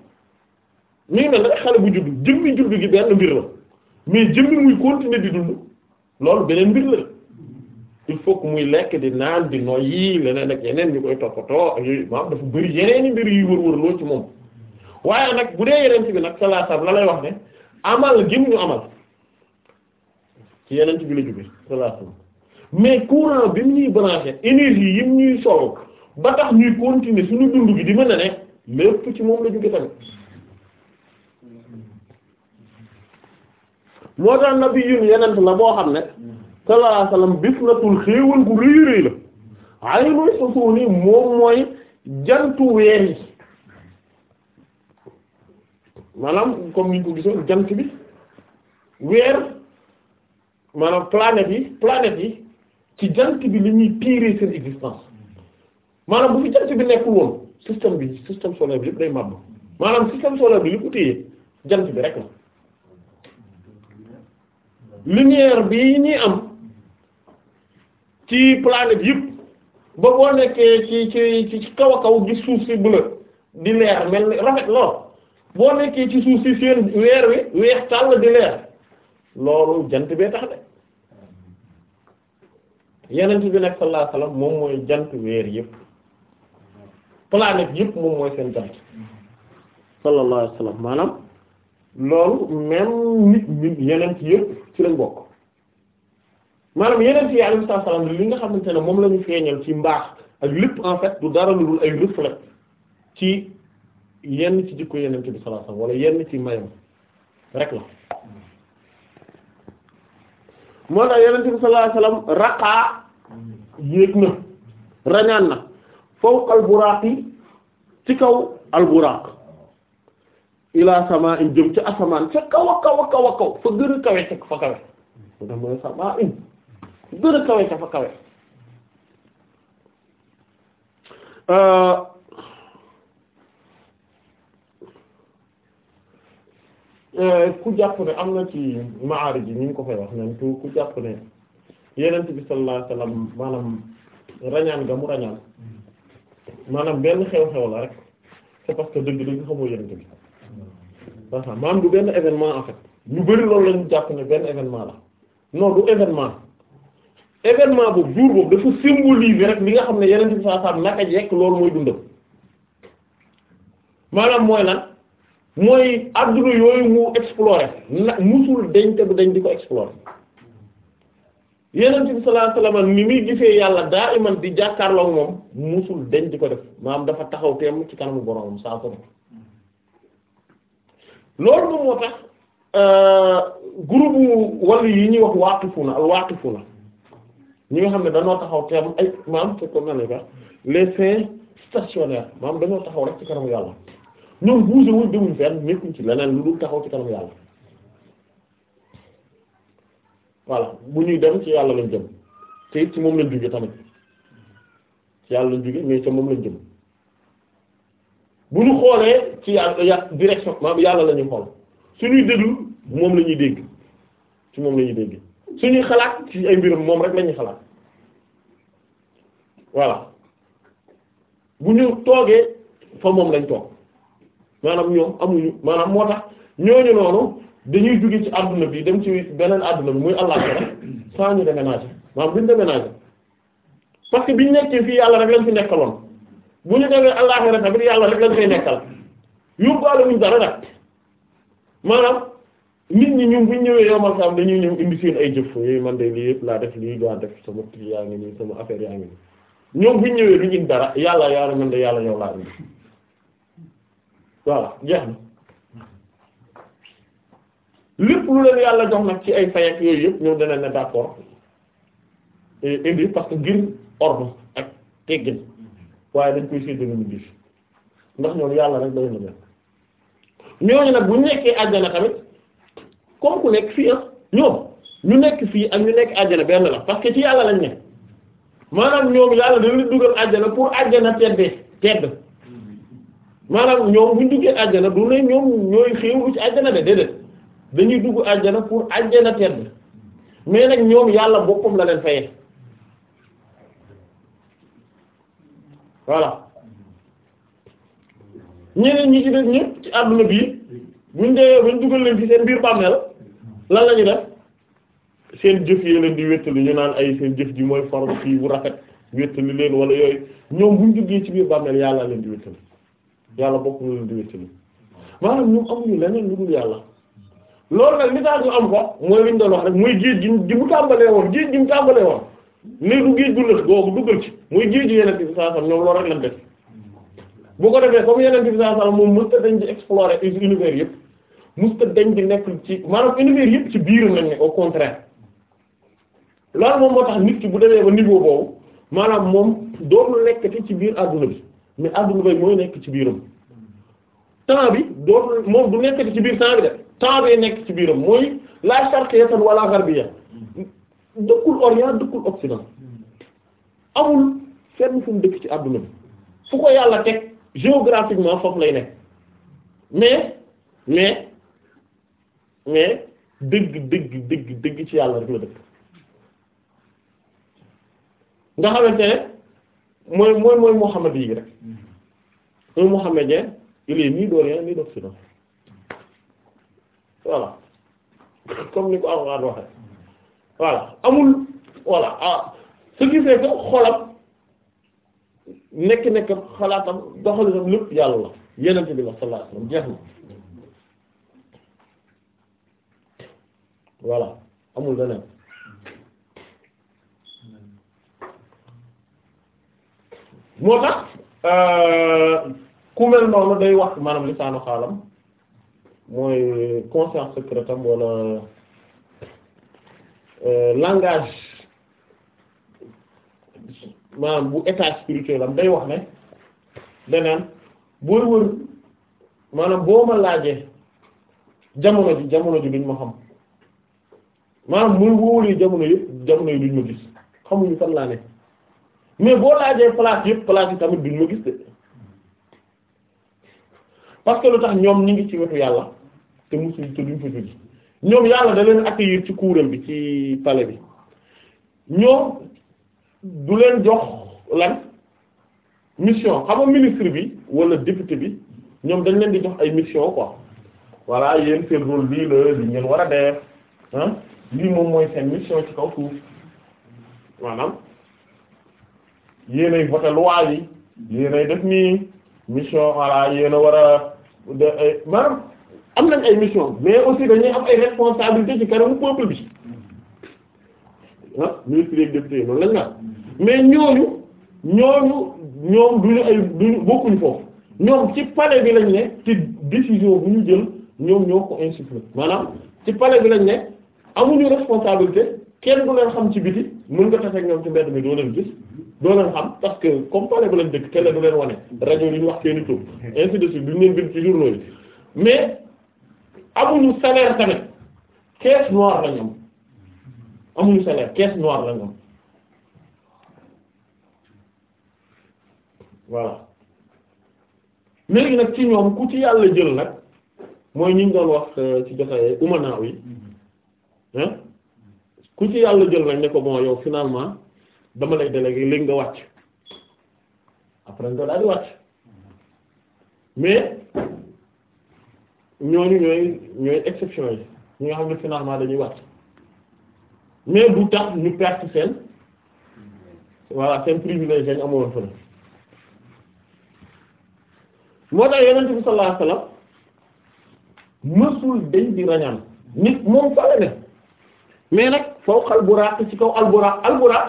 mi ngi mel xale bu juddu jëmmi juddu gi benn mbir la mais jëmmi muy continuer di dund loolu beneen mbir la il faut que muy lekk di naan di noyyi leneen ak yeneen ñu koy toppatoo ak yooyu maanaam dafa bari yeneen i mbir yu wër nag bu dee yeneen bi nag salaatam la lay wax ne amal gim ñu amal ci yeneen bi la jóge salaatam mais courant yi mu ñuy sol ba tax ñuy continuer suñu dund gi di mën a ne lépp ci moom la jóge tamit. moo tax nabiyun yenent la boo xam ne sallallahu alayhi wasallam bisnatul xéewal gu rëy rëy la ay mooy sosoo nii moom mooy jantu weer yi maanaam comme ni ñu gisoon jant bi weer maanaam planètes yi planètes yi ci jant bi li ñuy tirer seen existence maanaam bu fi jant bi nekkul woon système bi système solaire bi lépp day màbb maanaam système solaire bi li ko téye jant bi rek la lumière bi ñuy am ci planète yëpp ba boo nekkee ci ci ci kaw a kaw gis suuf si bleu di leer mel ni rafet lool boo nekkee ci suuf si seen weer wi weex tàll di leer loolu jant bee tax de yenent bi nag sallallahu alayhi moom mooy jant weer yëpp planète yëpp moom mooy seen jant sallallahu alayhi maanaam loolu même nit nit yenent yëpp ci lañ bokk maanaam yeneen ci alayhi salaam li nga xamante ne moom lañu ñu feeñal ci mbaax ak lépp en fait du dara lu dul ay reflet ci yenn ci jikko yeneen ci bi sallallahu alayhi wala yenn ci mayam rek la moo tax yeneen ci bi sallallahu raqaa yéeg na rañaan na fawq al yi ci kaw al ilaa sama in jëm ca asamaan ca kaw a kaw a kaw a kaw fa gën a kawe ca fa kawe ne euh, ku jàpp ne am na ci maari ji ñu ngi ko fay wax nan tu ku jàpp ne yenent bi sallallahu alayhi maanaam rañaan nga mu rañaan maanaam benn xew-xew la rek c'est parce que dëgg dëgg xamoo yenent bi maanaam du benn événement en fait ñu bari loolu lañu jàpp ne benn événement la no du événement événement boobu jour boobu dafa symboliser rek li nga xam ne yeneen bi saa saam naka mooy dundam maanaam mooy lan mooy adduna yooyu mu explorer na dañ te dañ di ko explorer yeneen bi sallallahu alayhi ni muy gisee yàlla daa iman di jàkkaarloo moom musul dañ di ko def am dafa taxaw teem ci kanamu boromam saa ko loolu moom moo tax euh, groupe wàllu yi ñuy wax waaqifuna al na ñi nga xam ne dañoo taxaw te am ay maam te ko mel ni les saints stationnaires maam dañoo taxaw rek ci kanamu yàlla ñoom bougé wuñ demuñ fenn nekkuñ ci leneen lu dul taxaw ci kanamu yàlla voilà bu ñuy dem ci yàlla lañ jëm te it ci moom lañ jóge tamit ci yàlla lañ jóge mais ci moom lañ jëm. bu ñu xoolee ci yàlla direction maanaam yàlla la ñuy su suñuy déglu moom la ñuy dégg ci moom la ñuy dégg suñuy xalaat ci ay mbirum moom rek lañuy xalaat waaw bu ñu toogee fa moom lañ toog maanaam ñoom amuñu maanaam moo tax ñooñu noonu dañuy jóge ci àdduna bi dem ci beneen àdduna bi muy àllaxira saa ñu déménager maanaam buñ déménager parce que biñ nekkee fii yàlla rek lañ fi nekkaloon. bu ñu demee àllaaxira tamit yàlla rek lañ fay nekkal yóbbaale wuñ dara nag maanaam nit ñi ñun bu ñu ñëwee yomal saam dañuy ñëw indi seen ay jëf yooyu eh, man de lii yëpp laa def lii laa def sama kii yaa ngi nii sama affaire yaa ngi nii ñoom bu ñu ñëwee duñ indi dara yàlla yàlla man de yàlla yow laa indi voilà jeex na lépp lu leen yàlla jox nag ci ay fay ak yooyu yëpp ñoom dana ne d'accord indi parce que ngir ordre ak teggin. waaye dañ koy séddale ñu gis ndax ñoom yàlla rek doy nag bu nekkee àjjana tamit nekk fii ah ñu nekk fii ak ñu nekk àjjana benn parce que ci yàlla lañ ne maanaam ñoom yàlla dañ leen dugal pour àjjana tedde tedd maanaam ñoom buñ duggee àjjana du ne ñoom ñooy xéewlu ci àjjana de déedéet dañuy dugg àjjana pour àjjana tedd mais nag ñoom yàlla boppam la leen fayee voilà ñeneen ñi ci def ñëpp ci àdduna bii buñ dee buñ dugal leen ci seen biir bàmmeel lan la ñu def seen jëf yi leen di wéttali ñu naan ay seen jëf ji mooy forme fii bu rafet wéttali leen wala yooyu ñoom buñ duggee ci biir bàmmeel yàlla leen di wéttali yàlla bokk na leen di wéttali maanaam ñoom amuñu leneen lu dul yàlla loolu nag li tax ñu am ko mooy liñ doon wax rek mooy géej gi mu tàmbalee woon géej gi mu tàmbalee woon néegu géej gu lëx googu duggal ci muy géeju yeneen bi saa sallam ñoom loolu rek lañ def bu ko defee comme yeneen bi saa sallam moom mënta dañ di explorer univers yëpp mënta dañ di nekk ci maanaam univers yëpp ci biiram lañ ne au contraire loolu moom moo tax nit ki bu demee ba niveau boobu maanaam moom dootul nekkati ci biir adduna bi mais adduna bay mooy nekk ci biiram temps bi dootul moom du nekkati ci biir temps bi de temps bi nekk ci biiram mooy la sharqiyatan wala gharbiyya dëkkul Orient dëkkul Occident amul fenn fu mu dëkk ci àdduna bi fu ko yàlla teg géographiquement foofu lay nekk mais mais mais dëgg dëgg dëgg dëgg ci yàlla rek la dëkk nga xamante ne mooy mooy mooy Muhammad yi rek mooy Muhammadien il est ni d'Orient ni d'Occident voilà comme ni ko Alxuraan waxee voilà amul voilà ah, su gisee que xolam nekk nekk xalaatam doxalinam lépp yàlla la yenente bi la sallallahu alayhi wasallam jeex na amul leneen moo tax euh, ku mel noonu day wax maanaam lisaanu xaalam mooy conscience secrète am Euh, langage maanaam bu état spirituel am day wax na danaan booy wër maanaam boo ma laajee jamono ji jamono ji duñ ma xam maanaam muy wóolee jamono yëpp jamono yi duñ ma gis xamuñu fan laa ne mais boo laajee place yëpp place yi tamit duñ ma gis de parce que lu tax ñoom ñu ngi ci wetu yàlla te musul te duñ fa jógi ñoom yàlla da ak accueillir ci kuuram bi ci pale bi ñoom du leen jox lan mission xam ministre bi wala député bi ñoom dañ leen di jox ay mission quoi voilà yéen seen rôle lii la li ngeen war a def ah lii moom mooy seen mission ci kaw suuf maanaam yéenay voté loi yi yéenay def nii mission voilà yéen a war a eh, maanaam am nañ ay mission mais aussi dañuy am ay responsabilité ci kanamu peuple bi ah ministre yeeg député noonu lañ naan mais ñooñu ñooñu ñoom duñu ay duñu bokkuñu foofu ñoom ci palais bi lañ ne ci décision bu ñu jël ñoom ñoo ko insufflé maanaam ci palais bi lañ ne amuñu responsabilité kenn du leen xam ci biti mën nga taseeg ñoom ci mbedd mi doo leen gis doo leen xam parce que comme palais bi lañ dëkk télé du leen wane rajo yi wax seeni tur ainsi de suite duñ leen mais amuñu salaire tamit caisse noire la ñoom amuñu salaire caisse noire la ñoom voilà léegi nag ci ñoom ku ci yàlla jël nag mooy ñu ngi doon wax euh, ci joxe umanaaw yi mm-hmm. ku ci yàlla jël nag ne ko bon yow finalement dama lay délégué léegi nga wàcc après nga daal wàcc mm-hmm. mais ñooñu ñooy ñooy exception yi ñi nga xam ne finalement dañuy wàcc mais du tax ñu perte seen voilà seen privilège dañ amoon fële moo tax yonent bi sallallahu alayhi wasallam mësul dañ di rañaan nit moom fa ne mais nag fawq al ci kaw al buraq al buraq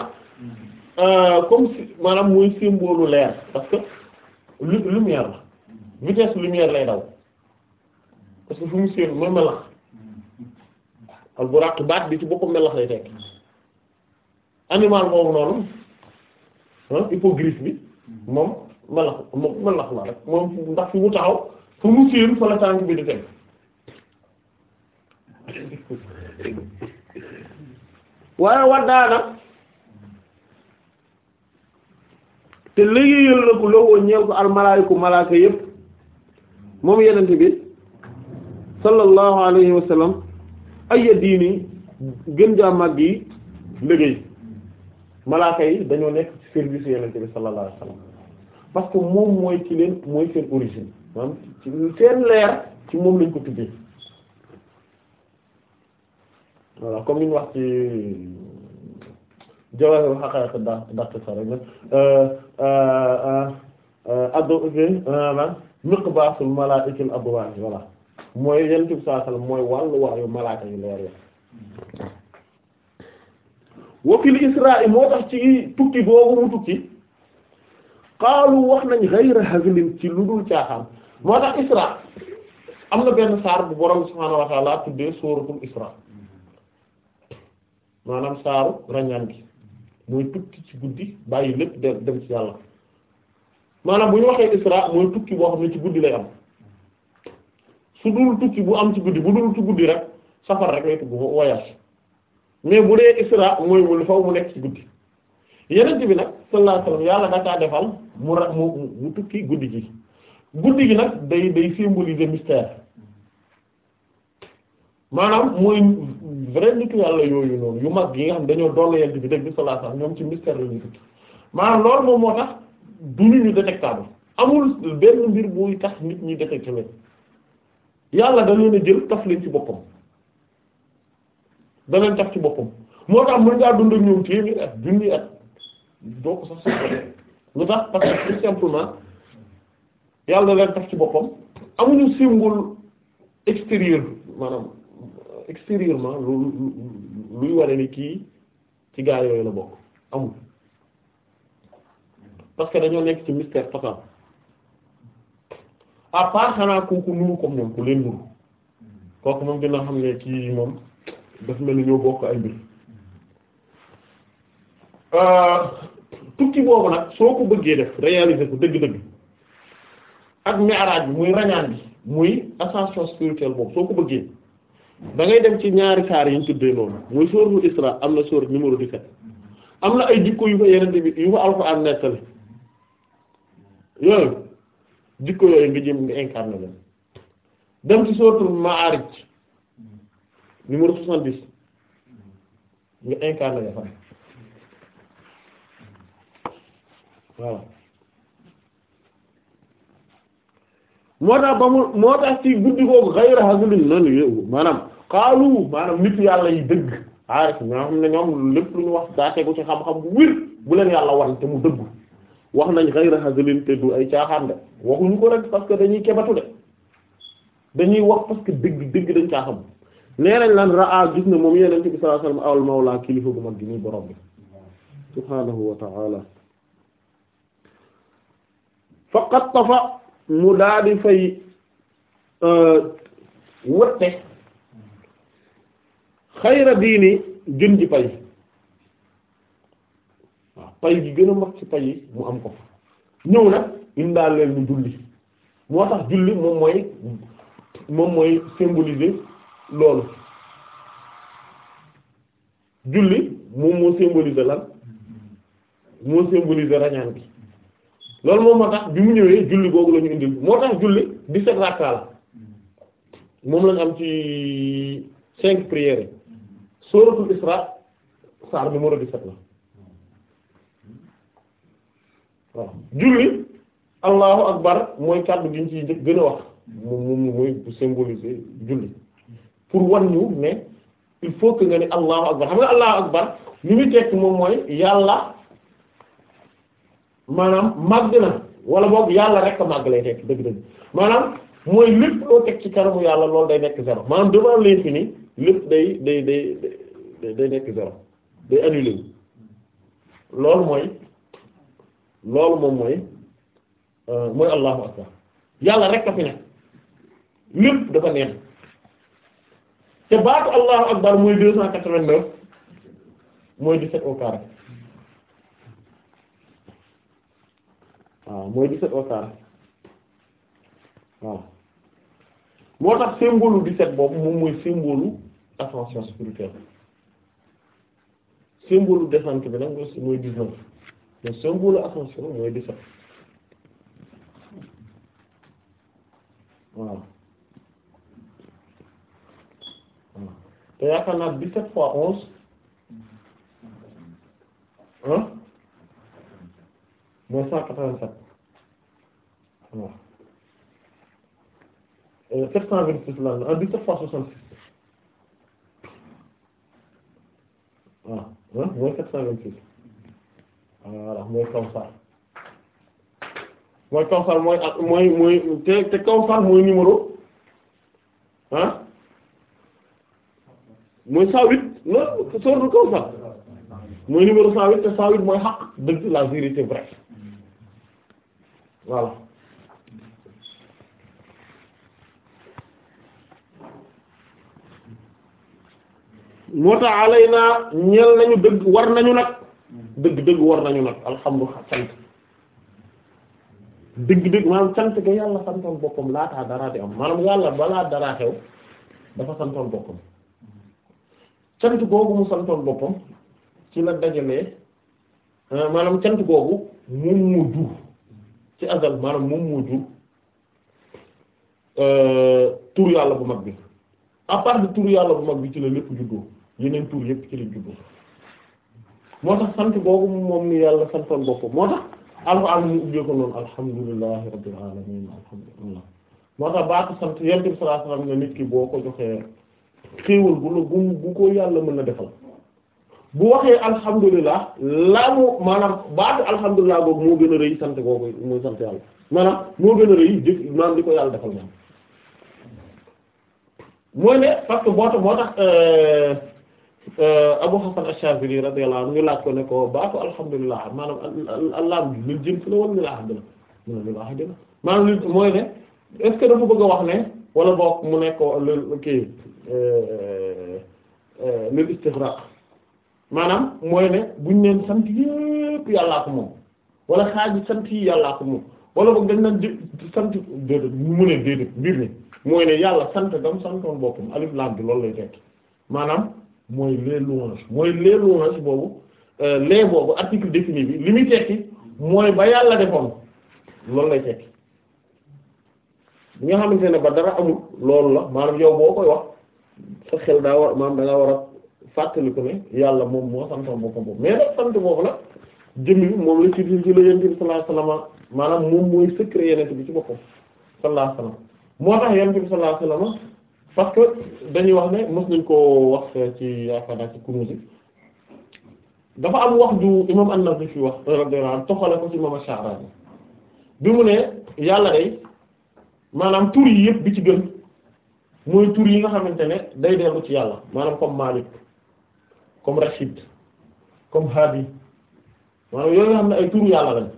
euh, comme si maanaam mooy symbole leer parce que lumière la vitesse lumière lay daw parce que fu mu séen mooy melax al buraq baat bi ci boppam melax lay tekk animal moomu noonu hippogriffe bi moom melax moom melax la rek moom ndax fu mu taxaw fu mu séen fa la tànk bi di teg waaye waddaana te liggéeyal na ko lowoo ñeel ko almalaayiku malaaka yépp moom yenente bi sallallahu alayhi wa sallam ayya diini gën jaa màgg yi liggéey malaaka yi dañoo nekk ci service yonent bi sallallahu alayhi wa que moom mooy ci leen mooy seen origine maanaam ci seen leer ci moom lañ ko tuddee voilà comme li wax ci jawahir haqa'iq da daq sa rek nag addo miqbasul malaa'ikil abwaar mooy yonent bi sallallahu mooy wàllu waayu malaaka yu leer ya wakil israa moo tax ci tukki boobu mu tukki xaalu wax nañ ghayra hazlin ci lu dul caaxaan moo tax isra am na benn saar bu borom subhaanahu wa ta'ala tuddee sóoratul isra maanaam saaru ràññaan gi mooy tukki ci guddi bàyyi lépp dem ci yàlla maanaam bu ñu waxee isra mooy tukki boo xam ne ci guddi lay am su dul tukki bu am ci guddi bu dul ci guddi rek safar rek lay tudd voyage mais bu dee isra mooy wul faw mu nekk ci guddi yeneen bi nag sallallahu alayhi wasallam yàlla dakaa defal mu ra mu mu tukki guddi gi guddi gi nag day day symboliser mystère maanaam mooy vrai nitu yàlla yooyu noonu yu mag yi nga xam dañoo doon yenn bi dëgg sallallahu alayhi wasallam ñoom ci mystère la ñuy tukki maanaam loolu moom moo tax du ñu détectable amul benn mbir buy tax nit ñi détecté leen. yàlla da leen a jël taf leen ci boppam da leen taf ci boppam moo tax mën ngaa dund ak ñoom téeméer at junni at doo ko sax soxla lu tax parce que simplement yàlla leen taf ci boppam amuñu symbole extérieur maanaam extérieurement lu luy wane ni kii ci gaa yooyu la bokk amul parce que dañoo nekk ci mystère total à part xanaa ku ku nuru comme ñoom ku leen nuru kooku moom a xam ne kii moom daf mel ni ñoo bokk ay mbir euh, tukki boobu nag soo ko bëggee def réaliser ko dëgg-dëgg ak mi'raj bi muy rañaan bi muy ascension spirituelle boobu soo ko bëggee da ngay dem ci ñaari kaar yi ñu tuddee noonu muy sóoratu Isra am na sóor numéro 17 am na ay jikko yu fa yeneen bi yu fa Alxuraan nettali yooyu jikko yooyu nga jëm nga incarné leen dem ci suratul Ma'arij numéro soixante-dix nga incarné leen fan waaw moo tax ba mu moo tax ci guddi googu xayra hasilin noonu yow maanaam xaalu maanaam nit yàlla yi dëgg aarif ñoo xam ne ñoom lépp lu ñu wax daa tegu ci xam-xam bu wér bu leen yàlla wan te mu dëggu wax nañ xayra haslin te du ay caaxaan de waxuñu ko rek parce que dañuy kebatu de dañuy wax parce que dëgg dëgg dañ caa xam nee nañ lan raa gis ne moom yeneen bi sallallahu alayhi wasallam al mawla kilifa gu mag gi ñuy borom bi subhaanahu wa ta'ala faqat tafa mu daa di fay euh, wëtte xayra diini gën ji pay pay gi gën a mag ci pay mu am ko ñëw nag indaaleel mu julli moo tax julli moom mooy moom mooy symboliser loolu julli moom moo symboliser lan moo symboliser rañaan bi loolu moom moo tax bi mu ñëwee julli googu la ñu moo tax julli dix-sept rakka la moom lañ am ci cinq prières yi suratul Isra saar numéro dix-sept la waaw julli allahu akbar mooy kàddu gi ñu ciy gën a wax moom moom mooy bu symboliser julli pour wan ñu ne il faut que nga ni allahu akbar xam nga allahu akbar li muy tekk moom mooy yàlla maanaam màgg na wala boobu yàlla rek a màgg lay tekk dëgg-dëgg maanaam mooy lépp loo teg ci kanamu yàlla loolu day nekk zéro maanaam devant l'infini lépp day day day day nekk zéro day annulé loolu mooy loolu moom mooy euh, mooy allahu akbar yàlla rek a fi dafa neex te baatu allahu akbar mooy deux cent quatre-vingt-neuf mooy dix-sept au carré waaw mooy dix-sept waaw moo tax symbole dix boobu moom mooy symbole ascension spirituelle symbole descente bi nag mooy dix-neuf te symbole ascension mooy di sot waaw te yaakaar naa dix-sept fois onze ah mooy cent quatre-vingt-sept waaw euh, sept cent vingt-six lan ah dix-sept fois soixante-six waaw mooy sept cent vingt-six voilà mooy kawsar mooy kawsar mooy ak mooy mooy te te kawsar mooy numéro ah mooy cent huit non sordu kawsar mooy numéro cent te cent mooy xaq dëgg la vérité vraie voilà moo tax alay naa ñeel nañu dëgg war nañu nag dëgg-dëgg war nañu nag alhamdulilah sant dëgg-dëgg maanaam sant ga yàlla santoon boppam laataa daraa di am maanaam yàlla balaa daraa xew dafa santoon boppam cant googu mu santoon boppam ci la dajale euh, maanaam cant googu moom moo jur ci azal maanaam moom moo jur euh, tur yàlla bu mag bi à part de yàlla bu mag bi ci la lépp juddoo yeneen tur yépp ci la juddoo moo tax sant boobu moom ni yàlla santoon boppam moo tax alxuraan mu ubbee ko noonu alhamdulillahi rabbil alamin alhamdulillah moo tax baatu sant yonent nit ki boo ko joxee xéewal bu la bu bu ko yàlla mën na defal bu waxee alhamdulilah laa mu maanaam baatu alhamdulilah boobu moo gën a rëy sant boobu moo gën a rëy jëf maanaam di ko yàlla defal moom mooy ne parce que tax moo tax euh, Euh, Abu Hasan Ash-Shazili radiyallahu anhu ñu laaj ko ne ko alhamdulilah maanaam allah bi lu jëm si la wala li la ahdina mu ne li la ahdina mooy ne est-ce wax ne wala boog mu ne ko lu kii euh, euh, lu maanaam mooy ne buñ leen sant yépp yàllaa ko moom wala xaaji sant yi yàllaa ko moom wala boog dañ naan sant déedéet mu ne déedéet mbir mi mooy ne yàlla sant gam santoon boppam alif lam bi loolu lay tekki maanaam. mooy les louanges mooy les louanges boobu euh, les boobu article défini bi li muy tekki mooy ba yàlla defoon loolu lay tekki bi nga xamante ne ba dara amul loolu la maanaam yow boo koy wax sa xel daa war maanaam da war a fàttaliku ne yàlla moom moo santoon boppam boobu mais nag sant la nag jëmmi moom la ci ci la yonent bi sallallahu alayhi maanaam moom mooy secret yonent bi ci boppam sallallahu alayhi wasallam moo tax yonent bi sallallahu parce que dañuy wax ne mos nañ koo wax ci yaakaar naa ci Kunûz dafa am wax ju imam an-Nawawi fi wax radiyallahu anhu toxale ko ci imam Sha'rani bi mu ne yàlla day maanaam tur yi yëpp bi ci gën mooy tur yi nga xamante ne day dellu ci yàlla maanaam comme Malik comme Rachid comme Hadi maanaam yooyu nga xam ne ay tur yàlla lañ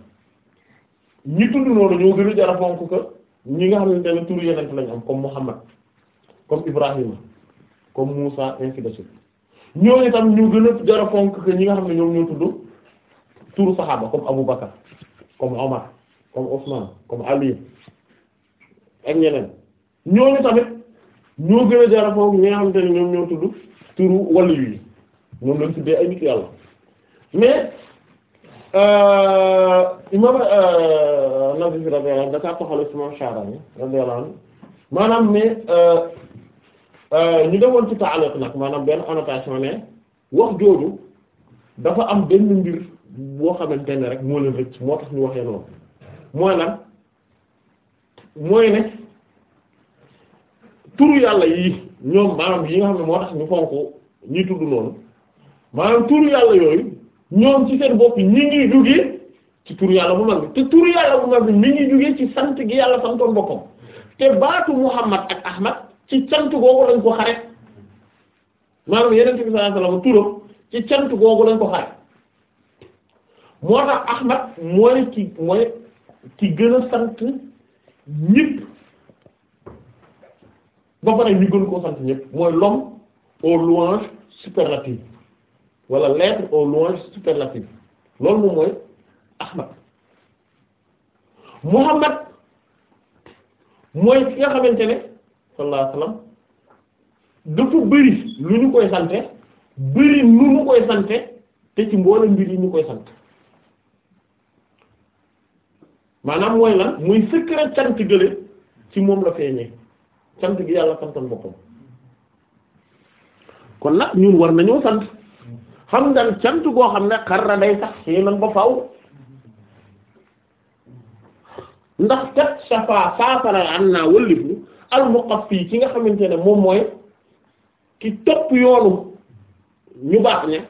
ñi tudd noonu ñoo gën a jar fonk ko ñi nga xamante ne tur yeneen lañ am comme Muhammad comme Ibrahima comme Moussa ainsi de suite ñooñu tam ñu gën a jar a ñi nga xam ne ñoom ñoo tudd turu saxaaba comme Abu Bakar comme Omar comme Ousmane comme Ali ak ñeneen ñooñu tamit ñoo gën a jar ñi nga xamante ne ñoom ñoo tudd turu wàllu yi ñoom lañ tuddee ay nit yàlla mais euh, imam euh, Nawawi radiyallahu anhu da ka toxal ci imam Sha'rani radiyallahu anhu maanaam ne euh, Euh, ñu demoon ci taaliq nag maanaam benn annotation ne wax jooju dafa am benn mbir boo xamante ne rek moo leen rëcc moo tax ñu waxee noonu mooy lan mooy ne turu yàlla yi ñoom maanaam yi nga xam ne moo tax ñu fonk ñi tudd noonu maanaam turu yàlla yooyu ñoom ci seen bopp ñi ngi jógee ci turu yàlla bu mag bi te turu yàlla bu mag bi mi ngi jógee ci sant gi yàlla santoon boppam te baatu Muhammad ak Ahmad ci cant googu lañ ko xare maanaam yeneen bi sallallahu alayhi wasallam turam ci cant googu lañ ko xare moo tax Ahmad mooy ki mooy ki gën a sant ñëpp ba pare ñu gën koo sant ñëpp mooy l'homme aux louanges superlatives wala l'être aux louanges superlatives loolu moom mooy Ahmad Muhammad mooy ki nga xamante ne sallallahu alayhi wasallam dafa bëri lu ñu koy sante bëri nu ñu koy sante te ci mboole mbir yi ñu koy sant maanaam mooy lan muy secret cant gële ci moom la feeñee sant gi yàlla santan boppam kon nag ñun war nañoo sant xam nga cant goo xam ne xarra day sax xii nan ba faaw ndax kat safa saafara am naa wëllif al-muqaffi ki nga xamante ne moom mooy ki topp yoonu ñu baax ña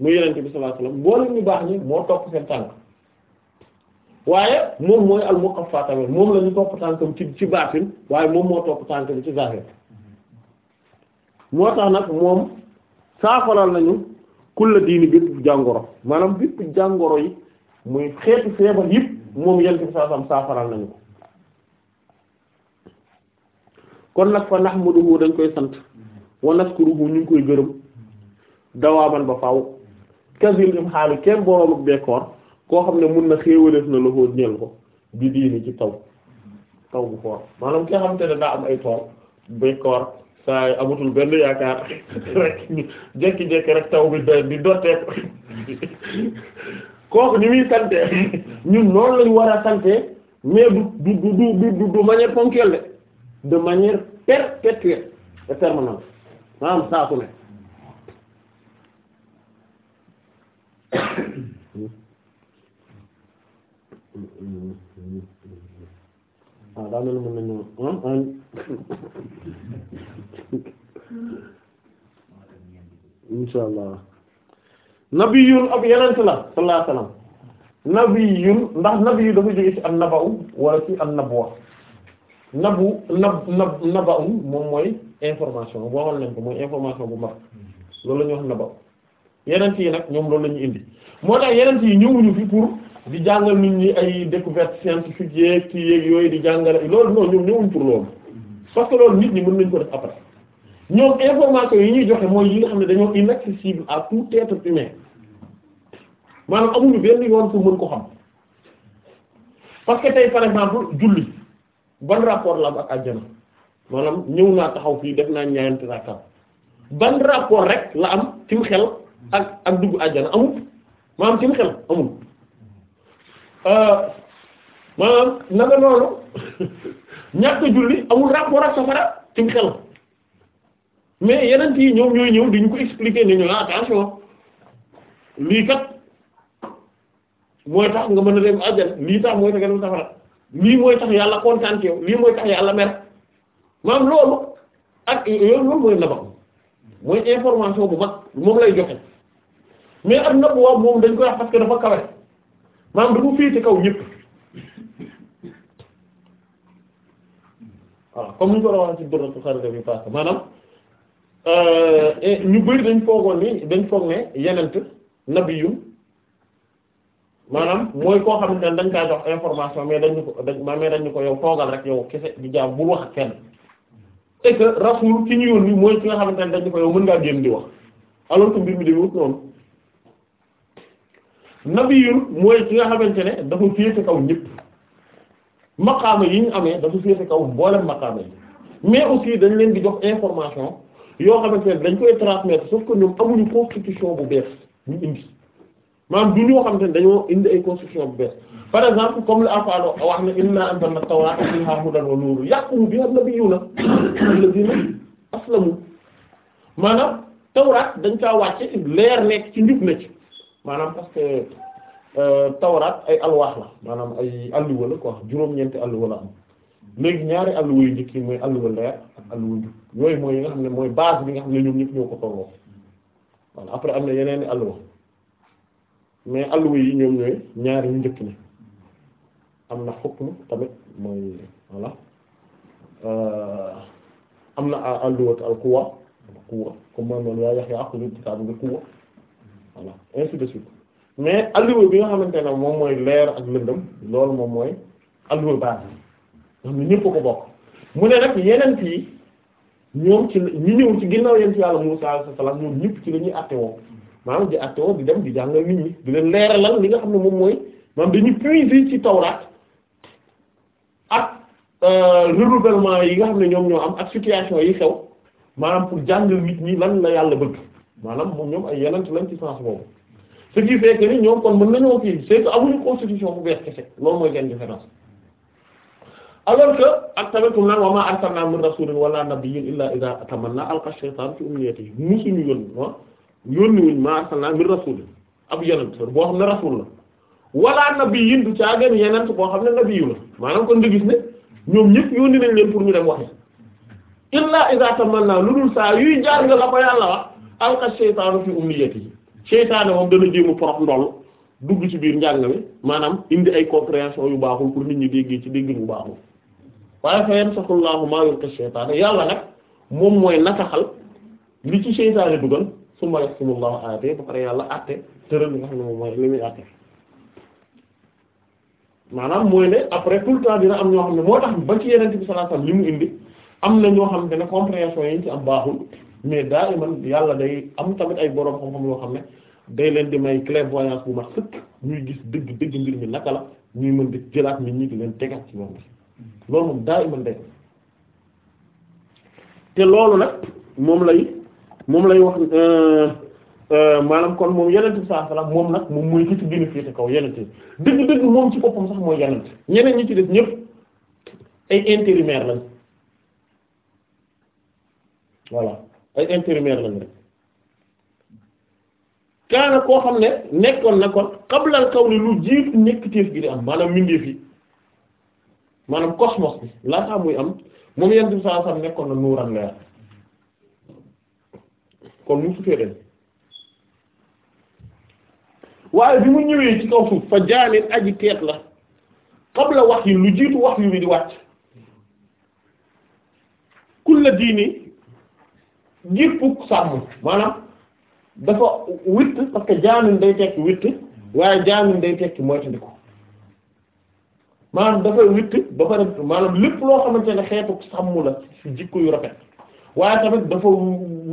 mu yenente bi sallallahu alayhi wasallam mboolem ñu baax ni moo topp seen tànk waaye moom mooy al-muqaffa tamit moom la ñu topp tànkam ci ci baax waaye moom moo topp tànk bi ci zahir moo tax nag moom saafaral nañu kulla diini bépp jàngoro maanaam bépp jàngoro yi muy xeetu feebar yëpp moom yenente bi sallallahu alayhi saafaral nañu ko kon nag fa nahmaduhu dañ koy sant wa naskuruhu ñu ngi koy gërëm dawaaman ba faaw kasil im xaali kenn boroom bekkoor koo xam ne mun na xéewaleef na la ko ñeel ko bi diini ci taw taw bu foor maanaam kii xam te ne daa am ay tool bekkoor saa amatul benn yaakaar rek jekki-jekki rek taw bi da di dottee kooku ni muy sante ñun noonu lañ war a sante mais du du du du du manière ponctuelle de manière perpétuelle et permanente maanaam saa su ne waaw ah, daa mel ni mën nañu ah, ah. insha allah nabiyun ab la sallallahu alayhi wasallam ndax nabiyu dafa jóge ci an nabaw wala ci an nabwa nabu nab nab naba um moom mooy information bu waxoon nañ ko mooy information bu mag loolu la ñuy wax naba yeneen yi nag ñoom loolu la indi moo tax yeneen yi ñëwuñu fi pour di jàngal nit ñi ay découverte scientifique yeeg ci yooyu di jàngale loolu non ñoom pour loolu parce que loolu nit ñi mën nañ ko def après ñoom information yi ñuy joxe mooy yi nga xam ne dañoo inaccessible à tout être humain maanaam amuñu benn yoon pour mën ko xam parce que tey par julli. ban rapport la am ak àjjana maanaam ñëw naa taxaw fii def naa ñaanti rakka ban rapport rek la am cim xel ak ak dugg àjjana amul maanaam cim xel amul euh, maanaam naka noonu ñàkk julli amul rapport ak safara cim xel mais yeneen yi ñoom ñooy ñëw di ñu ko expliquer ne ñu attention lii kat mooy tax nga mën a dem àjjana lii tax mooy tax nga dem safara lii mooy tax yàlla kontaan ci yow lii mooy tax yàlla mer maanaam loolu ak loolu mooy naba mooy information bu mag moom lay joxe mais ak nab waaw moom dañ koy wax parce que dafa kawe maanaam dafa féete kaw ñëpp voilà comme ni ñu ko doon waxee ci dorotu xarita bi parce que maanaam euh, ñu bëri dañ foogoon ni dañ foog ne yenent nabiyum maanaam mooy koo xamante ne dañ kaa jox information mais dañ ñu ko dañ mais dañ ñu ko yow toogal rek yow kese di jaam bu wax ak kenn et que rasul ki ñu yónni mooy ki nga xamante ne dañ ñu ko yow mën ngaa génn di wax alors que mbir mi demewut noonu nabiyun mooy ki nga xamante ne dafa féete kaw ñëpp maqaama yi ñu amee dafa féete kaw mboolem maqaama yi mais aussi dañ leen di jox information yoo xamante ne dañ koy transmettre sauf que ñoom amuñu constitution bu bees ñu indi. maanaam du ñoo xam te ni dañoo indi ay construction bu bees par exemple comme le alfado wax na inna anzalna tawrata fiha hudan wa nuur yahkumu biha nabiyyuna alladhina aslamu maanaam tawraat dañ caa wàcce leer nekk ci njub na ci maanaam parce que euh, tawraat ay alwaax la maanaam ay alluwa la ko juróom-ñeenti alluwa la am léegi ñaari alluwa yu njëkk yi mooy alluwa leer ak alluwa njub yooyu mooy yi nga xam ne mooy base bi nga xam ne ñoom ñëpp ko tolloo voilà après am na yeneen i alluwa mais alluwa yi ñoom ñooy ñaari ñu njëkk ni am na xukm tamit mooy voilà euh, am na alluwat al quwa quwa comme man noonu yaa Yahya axudu kitaab bi quwa voilà ainsi de suite mais alluwa bi nga xamante ne moom mooy leer ak lëndëm loolu moom mooy alluwa baax ñëpp ko bokk mu ne nag yeneen yi ñoom ci ñi ñëw ci ginnaaw yéen ci yàlla Musaa alayhi salaam ñoom ñëpp ci la ñuy àtte woo maanaam di attewoo di dem di jàngal nit ñi di leen lan li nga xam ne moom mooy di ñu dañuy puiser ci tawraat ak euh, renouvellement yi nga xam ne ñoom ñoo am ak situation yi xew maanaam pour jàngal nit ñi lan la yàlla bëgg maanaam moom ñoom ay yenant lañ ci sens boobu ce qui fait que ni ñoom kon mën nañoo kii c'est amuñu constitution bu bees kese loolu mooy seen différence alors que ak tamit fu mu naan wa maa arsalnaa min rasuulin wala nabiyyin illaa izaa tamanna alqa shaytaan fi yónni wuñ ma arsalna min rasul ab yenent boo xam ne rasul la wala nabiyyin du caagan yenent boo xam ne nabiyu la maanaam kon di gis ne ñoom ñëpp yónni nañ leen pour ñu dem waxe illa man tamanna lu dul saa yuy jaar nga la ko yàlla wax alqa shaytaanu fi umniyatihi seytaane moom dana jéem a porof ndoll dugg ci biir njàng mi maanaam indi ay compréhension yu baaxul pour nit ñi déggee ci déggin bu baaxul waaye fa yansakhullaahu maa ngi shaytaan yàlla nag moom mooy nataxal li ci seytaane dugal summa yahkumullahu aate ba pare yàlla atte tëral li nga xam ne moom mooy li muy atte maanaam mooy ne après tout le temps dina am ñoo xam ne moo tax ba ci yeneen bi sallallahu alayhi wasallam li mu indi am na ñoo xam ne compréhension yi ñu ci am baaxul mais daa iman yàlla day am tamit ay boroom xam-xam yoo xam ne day leen di may clairvoyance bu mat sëkk ñuy gis dëgg dëgg mbir mi naka la ñuy mën di jëlaat nit ñi di leen tegaat ci moom loolu moom daa iman day te loolu nag moom lay moom lay wax euh, euh, maanaam kon moom yenente bi sallallahu alayhi moom nag moom mooy ki ci gën a féete kaw yenente dëgg-dëgg moom ci boppam sax mooy yenente ñeneen ñi ci def ñëpp ay intérimaire lañ voilà ay intérimaire lañ rek kaana koo xam ne nekkoon na kon xablal kaw ni lu jiitu nekk téef gi di am maanaam mindeef yi maanaam cosmos bi laataa muy am moom yenente bi sallallahu alayhi nekkoon na nuuran leer kon mu sutee dañ waaye bi mu ñëwee ci kaw suuf fa jaanin aji teet la qabla wax yi lu jiitu wax yu bi di wàcc kulla diini jiit pukk sàmm maanaam dafa witt parce que jaanin day tekki witt waaye jaanin day tekki moytandi ko maanaam dafay witt ba pare maanaam lépp loo xamante ne xeetu sàmm la ci jikko yu rafet waaye tamit dafa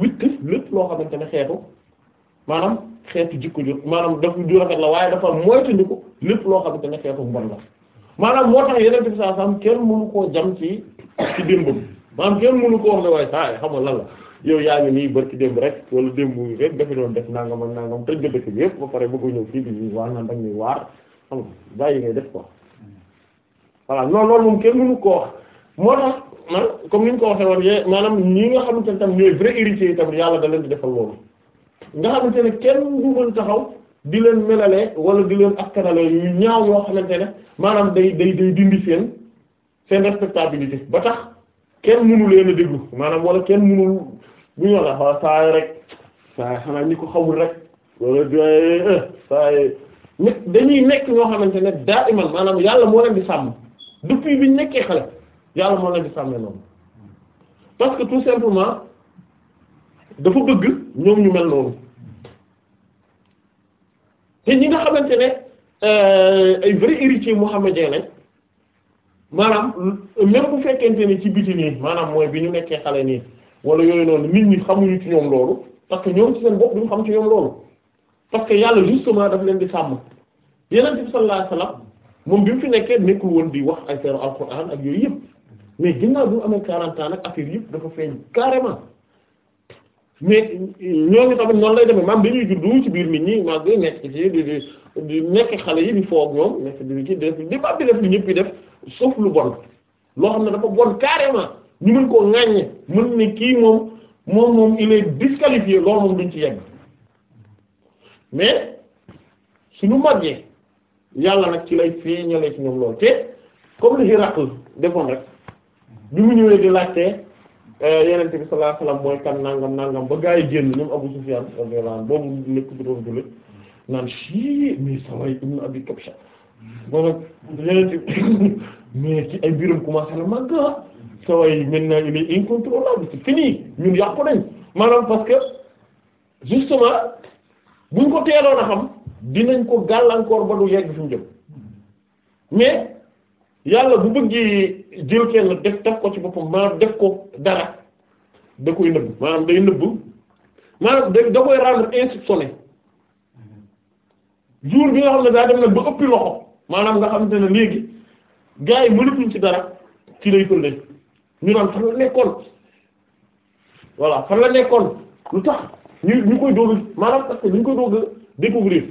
witt lépp loo xamante ne xeetu maanaam xeetu jikko ju maanaam daf ju rafet la waaye dafa ko lépp loo xamante ne xeetu mbon la maanaam moo tax yeneen bi saa sam kenn mënu koo jam ci ci démb bi maanaam kenn mënu ko wax ne waaye saa xam nga lan la yow yaa ngi nii barki démb rek wala démb rek dafa doon def naa ak nangam tëj nga dëkk bi yëpp ba pare bëgg ñëw fii bi waa naan dag ñuy waar xam nga bàyyi ngay def ko voilà non loolu moom kenn mënu ko moo tax comme ni ñu ko waxee woon yee maanaam ñi nga xamante ne tam ñooy vrai héritier yi tamit yàlla da leen di defal loolu nga xamante ne kenn du mën taxaw di leen melalee wala di leen askanale yu ñaaw yoo xamante ne maanaam day day day dindi seen seen respectabilité ba tax kenn mënu maanaam wala kenn mënul ñu wax wala ah saa rek saa ko xawul rek wala eh, saa dañuy nekk ñoo xamante ne daa iman maanaam yàlla moo leen di sàmm depuis biñ nekkee xale. yàlla moo leen di sàmmee noonu parce que tout simplement dafa bëgg ñoom ñu mel noonu te ñi nga xamante ne euh, ay vrai héritier mohammédien lañ maanaam même bu fekkente ni ci biti nii maanaam mooy bi ñu nekkee xale nii wala yooyu noonu nit ñi xamuñu ci ñoom loolu parce que ñoom ci seen bopp duñu xam ci ñoom loolu parce que yàlla justement daf leen di sàmm yeneen bi sallallahu alayhi wasallam moom bi mu fi nekkee nekkul woon di wax ay seeru alquran ak yooyu yëpp mais ginnaaw bi mu amee 40 ans nag affaire yëpp dafa feeñ carrément mais ngi tamit noonu lay deme demee maam dañuy juddu ci biir nit ñi maam day nekk xale yi di foog ñoom nekk di ci def di ba di def lu ñëpp di def sauf lu bon loo xam ne dafa bon carrément ñu mën koo ŋàññe mën ne kii moom moom moom il est disqualifié loolu moom duñ ci yegg mais suñu màggee yàlla nag ci lay feeñalee ci ñoom loolu te comme li Hiraql defoon rek. bi mu ñëwee di laajtee eh, yeneen bi sallallahu alayhi wasallam mooy kan nangam nangam ba gaa yi génn ñoom Abu Sufyan radiyallahu anhu boobu nekk doon jullit naan sii mais saway ibn Abi Kabsha moom ak yeneen mais ci ay mbirum commencé na màgg ah. saway maintenant il est fini ñun yàqu nañ maanaam parce que justement buñ ko teeloon a xam dinañ ko gàllankoor ba du yegg fi mu mais yàlla bu bëggee. jël kenn def def ko ci boppam maanaam def ko dara da koy nëbb maanaam day nëbb maanaam da bi nga xam ne daa dem nag ba ëppi loxo maanaam nga xam te ne léegi gars yi mënatuñ ci dara ci lay fël nañ ñu naan fan la nekkoon voilà fan la nekkoon lu tax ñu ñu koy dooga maanaam parce ñu koy doog a découvrir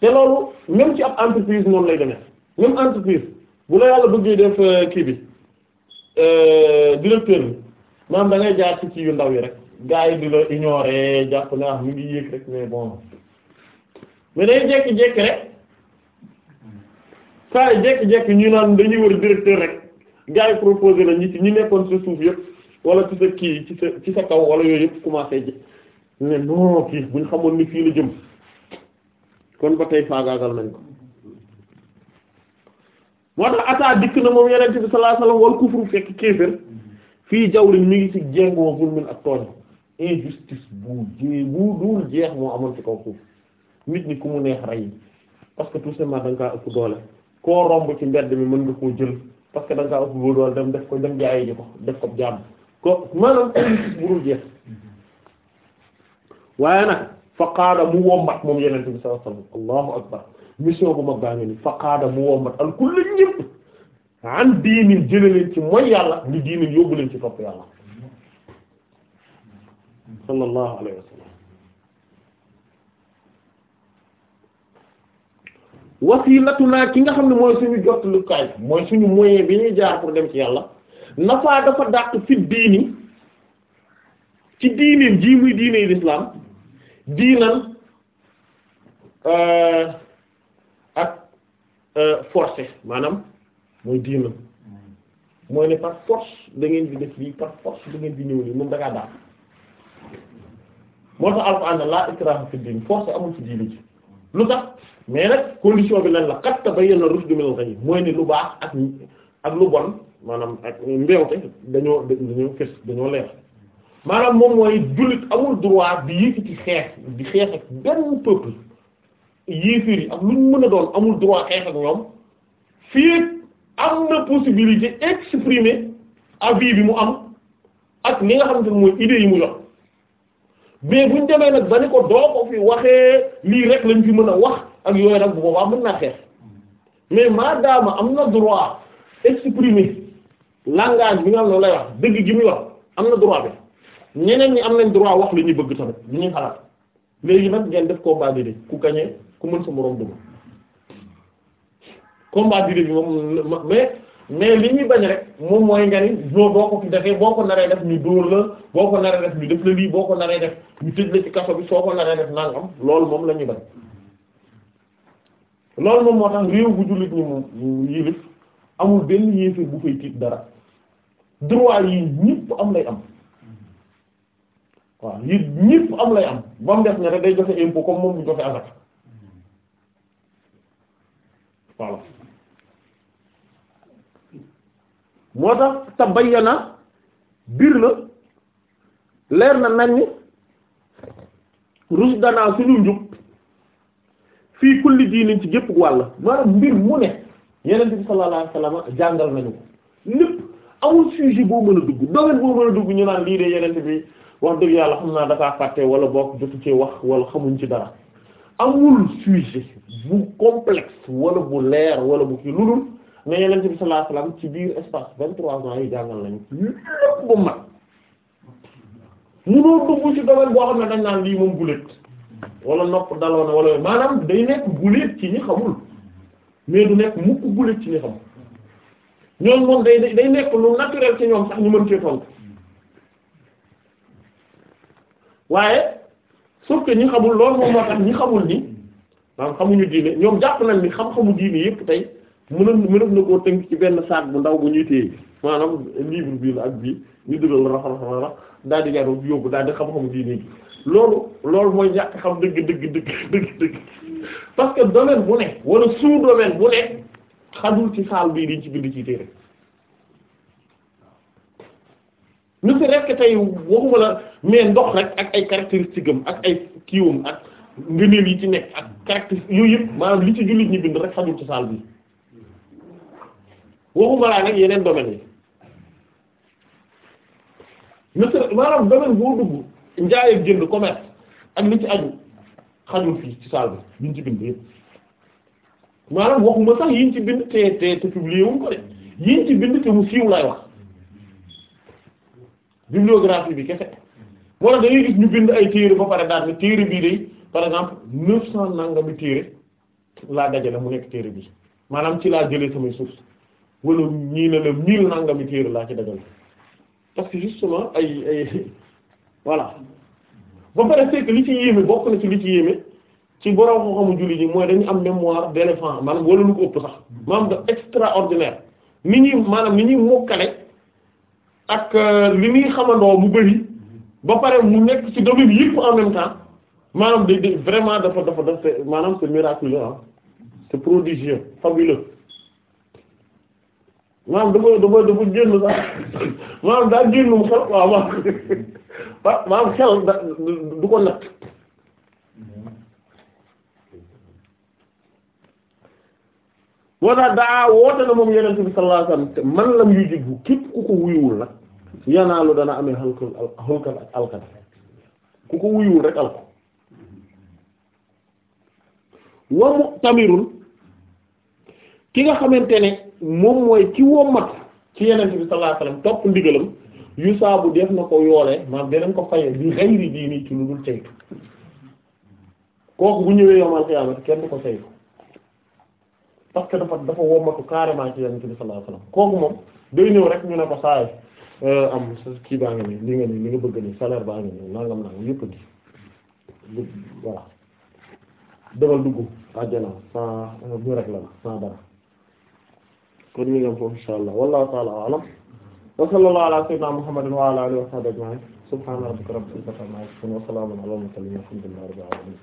te loolu même ci am entreprise noonu lay demee même entreprise bu la yàlla bëggee def euh, kii bi euh, directeur bi maanaam da ngay jaar ci ci yu ndaw yi rek gars yi di la ignorer jàpp ne ah mu ngi yéeg rek mais bon mais day jékki-jékki rek saa yi jékki-jékki ñu naan dañuy war directeur rek gaa yi proposé la ñi ci ñi nekkoon sa suuf yëpp wala ci sa kii ci sa ci sa kaw wala yooyu yëpp commencé ji ne non kii buñ xamoon ni fii la jëm kon ba tey faagaagal nañ ko. moo tax ataa dikk na moom yenente bi sallallahu alayhi wasallam wal kufru fekk kéefér fii jawlin mi ngi ci jéng wa ak tooñ injustice bu dul jeex moo amoon ci kaw suuf nit ñi ku mu neex rey parce que tout simplement da nga kaa ëpp doole koo romb ci mbedd mi mën nga koo jël parce que da nga kaa ëpp boo doole dem def ko dem jaayi ji ko def ko jàmm ko maanaam injustice bu dul jeex waaye nag fa qaala mu wommat moom yenente bi sallallahu alayhi wasallam allahu akbar mission bu mag baa ngi nii fa qaada mu wombat al kulli ñëpp an diinin jëlee leen ci mooy yàlla li diinin yóbbu leen ci topp yàlla sallallahu alayhi wa ki nga xam ne mooy suñu kaay mooy suñu moyen bi ñuy jaar pour dem ci yàlla nafaa dafa dàq fi diini ci diineen jii muy diiney lislaam diinan euh, Euh, forcé maanaam mooy diina mooy ne par force da ngeen di def lii par force da ngeen di ñëw lii moom da daal moo tax alquran la ikraha fi diin force amul ci diina ji lu tax mais nag condition bi lan la qad tabayyana rushdu minal ghayy mooy ne lu baax ak ak lu bon maanaam ak mbeewte dañoo dañoo fës dañoo leer maanaam moom mooy jullit amul droit bi yëkkati xeex di xeex ak benn peuple yéeféer yi ak lu ñu mën a doon amul droit xeex ak ñoom fii am na possibilité exprimer avis bi mu am ak li nga xam ne mooy idée yi mu jox mais buñ demee nag ba ni ko doo ko fi waxee lii rek lañ fi mën a wax ak yooyu nag bu boobaa mën naa xeex mais maadaama am na droit exprimer langage bi nga xam ne lay wax dëgg gi muy wax am na droit bi ñeneen ñi am nañ droit wax lañuy bëgg tamit li ñuy xalaat léegi nag ngeen def combat bi de ku gagné ku mën sa moroom duma combat direct bi moom mais mais li ñuy bañ rek moom mooy nga ni boo boo ko fi naree def ñu dóor la boo ko naree def ñu def la lii boo ko naree def ñu tëj la ci kaso bi soo ko naree def nangam loolu moom la ñuy bañ loolu moom moo tax réew bu jullit ñi moom yilif amul benn yéefee bu fay tiit dara droit yi ñëpp am lay am waaw yi ñëpp am lay am ba mu def ne rek day joxe impôt comme moom bu joxe asaka voilà moo tax tabayyana biir la leer na nañ ni rusdanaa suñu njub fii kulli diinin ci gépp wàll maanaam mbir mu ne yeneen bi sallallahu alayhi jàngal nañu ko lépp amul sujet boo mën a dugg domaine boo mën a dugg ñu naan lii de yeneen bi wax dëgg yàlla xam naa dafaa fàtte wala bokk jotu ci wax wala xamuñ ci dara amul sujet bu complexe wala bu leer wala bu fi lulul ne yenente bi sallallahu alayhi wasallam ci biir espace vingt-trois ans yi jàngal nañu lépp ba mat munoo dugg ci domaine boo xam ne dañ naan lii moom guléet wala nopp daloona wala maanaam day nekk guléet ci ñi xamul mais du nekk mukk guléet ci ñi xam ñoom moom day day nekk lu naturel ci ñoom sax ñu mën cee tontu waaye sauf ñi xamul lool moom moo tax ñi xamul ni maanaam xamuñu diine ñoom jàpp nañ ni xam-xamu diine yëpp tey mu mënoon na koo tënk ci benn saak bu ndaw bu ñuy téye maanaam bii la ak bii ñu dugal rax rax rax daal di yaru yóbbu daal di xam-xamu diine gi loolu loolu mooy ñàkk xam dëgg dëgg parce que domaine bu ne wala sous domaine bu ne xadul ci saal bii di ci bind ci téere ñu si rekk tey waxuma la mais ndox rek ak ay caractéristiques am ak ay kiiwam ak ngëneel yi ci nekk ak caractère yooyu yëpp maanaam li ci jullit ñi bind rek fajul laa nag yeneen domaine yi mais maanaam domaine boo dugg njaay ak jënd commerce ak li ci aju xajul fii ci saal bi liñ ci bind yëpp maanaam waxuma sax yiñ ci bind te te te publié wuñ ko de yiñ bi kese moo dañuy gis ñu bind ay téere ba pare daal ne bii de par exemple neuf cent nangami téere laa dajale mu nekk téere bi maanaam ci laa jëlee samay source wala ñii ne la mille nangami téere laa ci dajale parce que justement ay ay voilà ba pare c'est li ci yéeme bokk na ci li ci yéeme ci borom ko xamu julli ji mooy dañu am mémoire d'éléphant maanaam wala lu ko ëpp sax maanaam da extraordinaire ni ñuy maanaam ni ñuy mokkale ak euh, li ñuy xamandoo mu bëri ba pare mu nekk ci domaine yëpp en même temps maanaam day day vraiment dafa dafa daf c'est maanaam c'est miraculeux ah c'est prodigieux fabuleux maanaam dafa dafa dafa génn sax maanaam daa génnum xel waaw ma maanaam xel da du ko natt moo daa woote la moom yenente bi sallallahu alayhi wasallam man lam yu jibbu képp ku ko wuyuwul nag yanaalu dana amee xalkal alxalkal ak ku ko wuyuwul rek alko wa mu'tamirun ki nga xamante ne moom mooy ci wommat ci yeneen bi sallallahu alayhi wasallam yu saabu na ko yoolee maam danañ ko faye bi xayri diini ci lu dul saytu kenn du ko saytu parce que dafa dafa wommatu carrément ci yeneen bi sallallahu alayhi wasallam kooku moom ñu ne euh, am kii baa ngi nii li nga nii li nga bëgg nii salaire baa ngi nangam nangam yëpp di voilà demal dugg àjjana sans bu rek la sans dara kon ñu ngi am foofu insha allah wallahu ta'ala a'lam wa sallallahu ala sayyidina muhammadin wa ala alihi wa sahbihi ajma'in subhana rabbika rabbil izzati amma yasifun wa salamun ala al mursalin walhamdulillahi rabbil alamin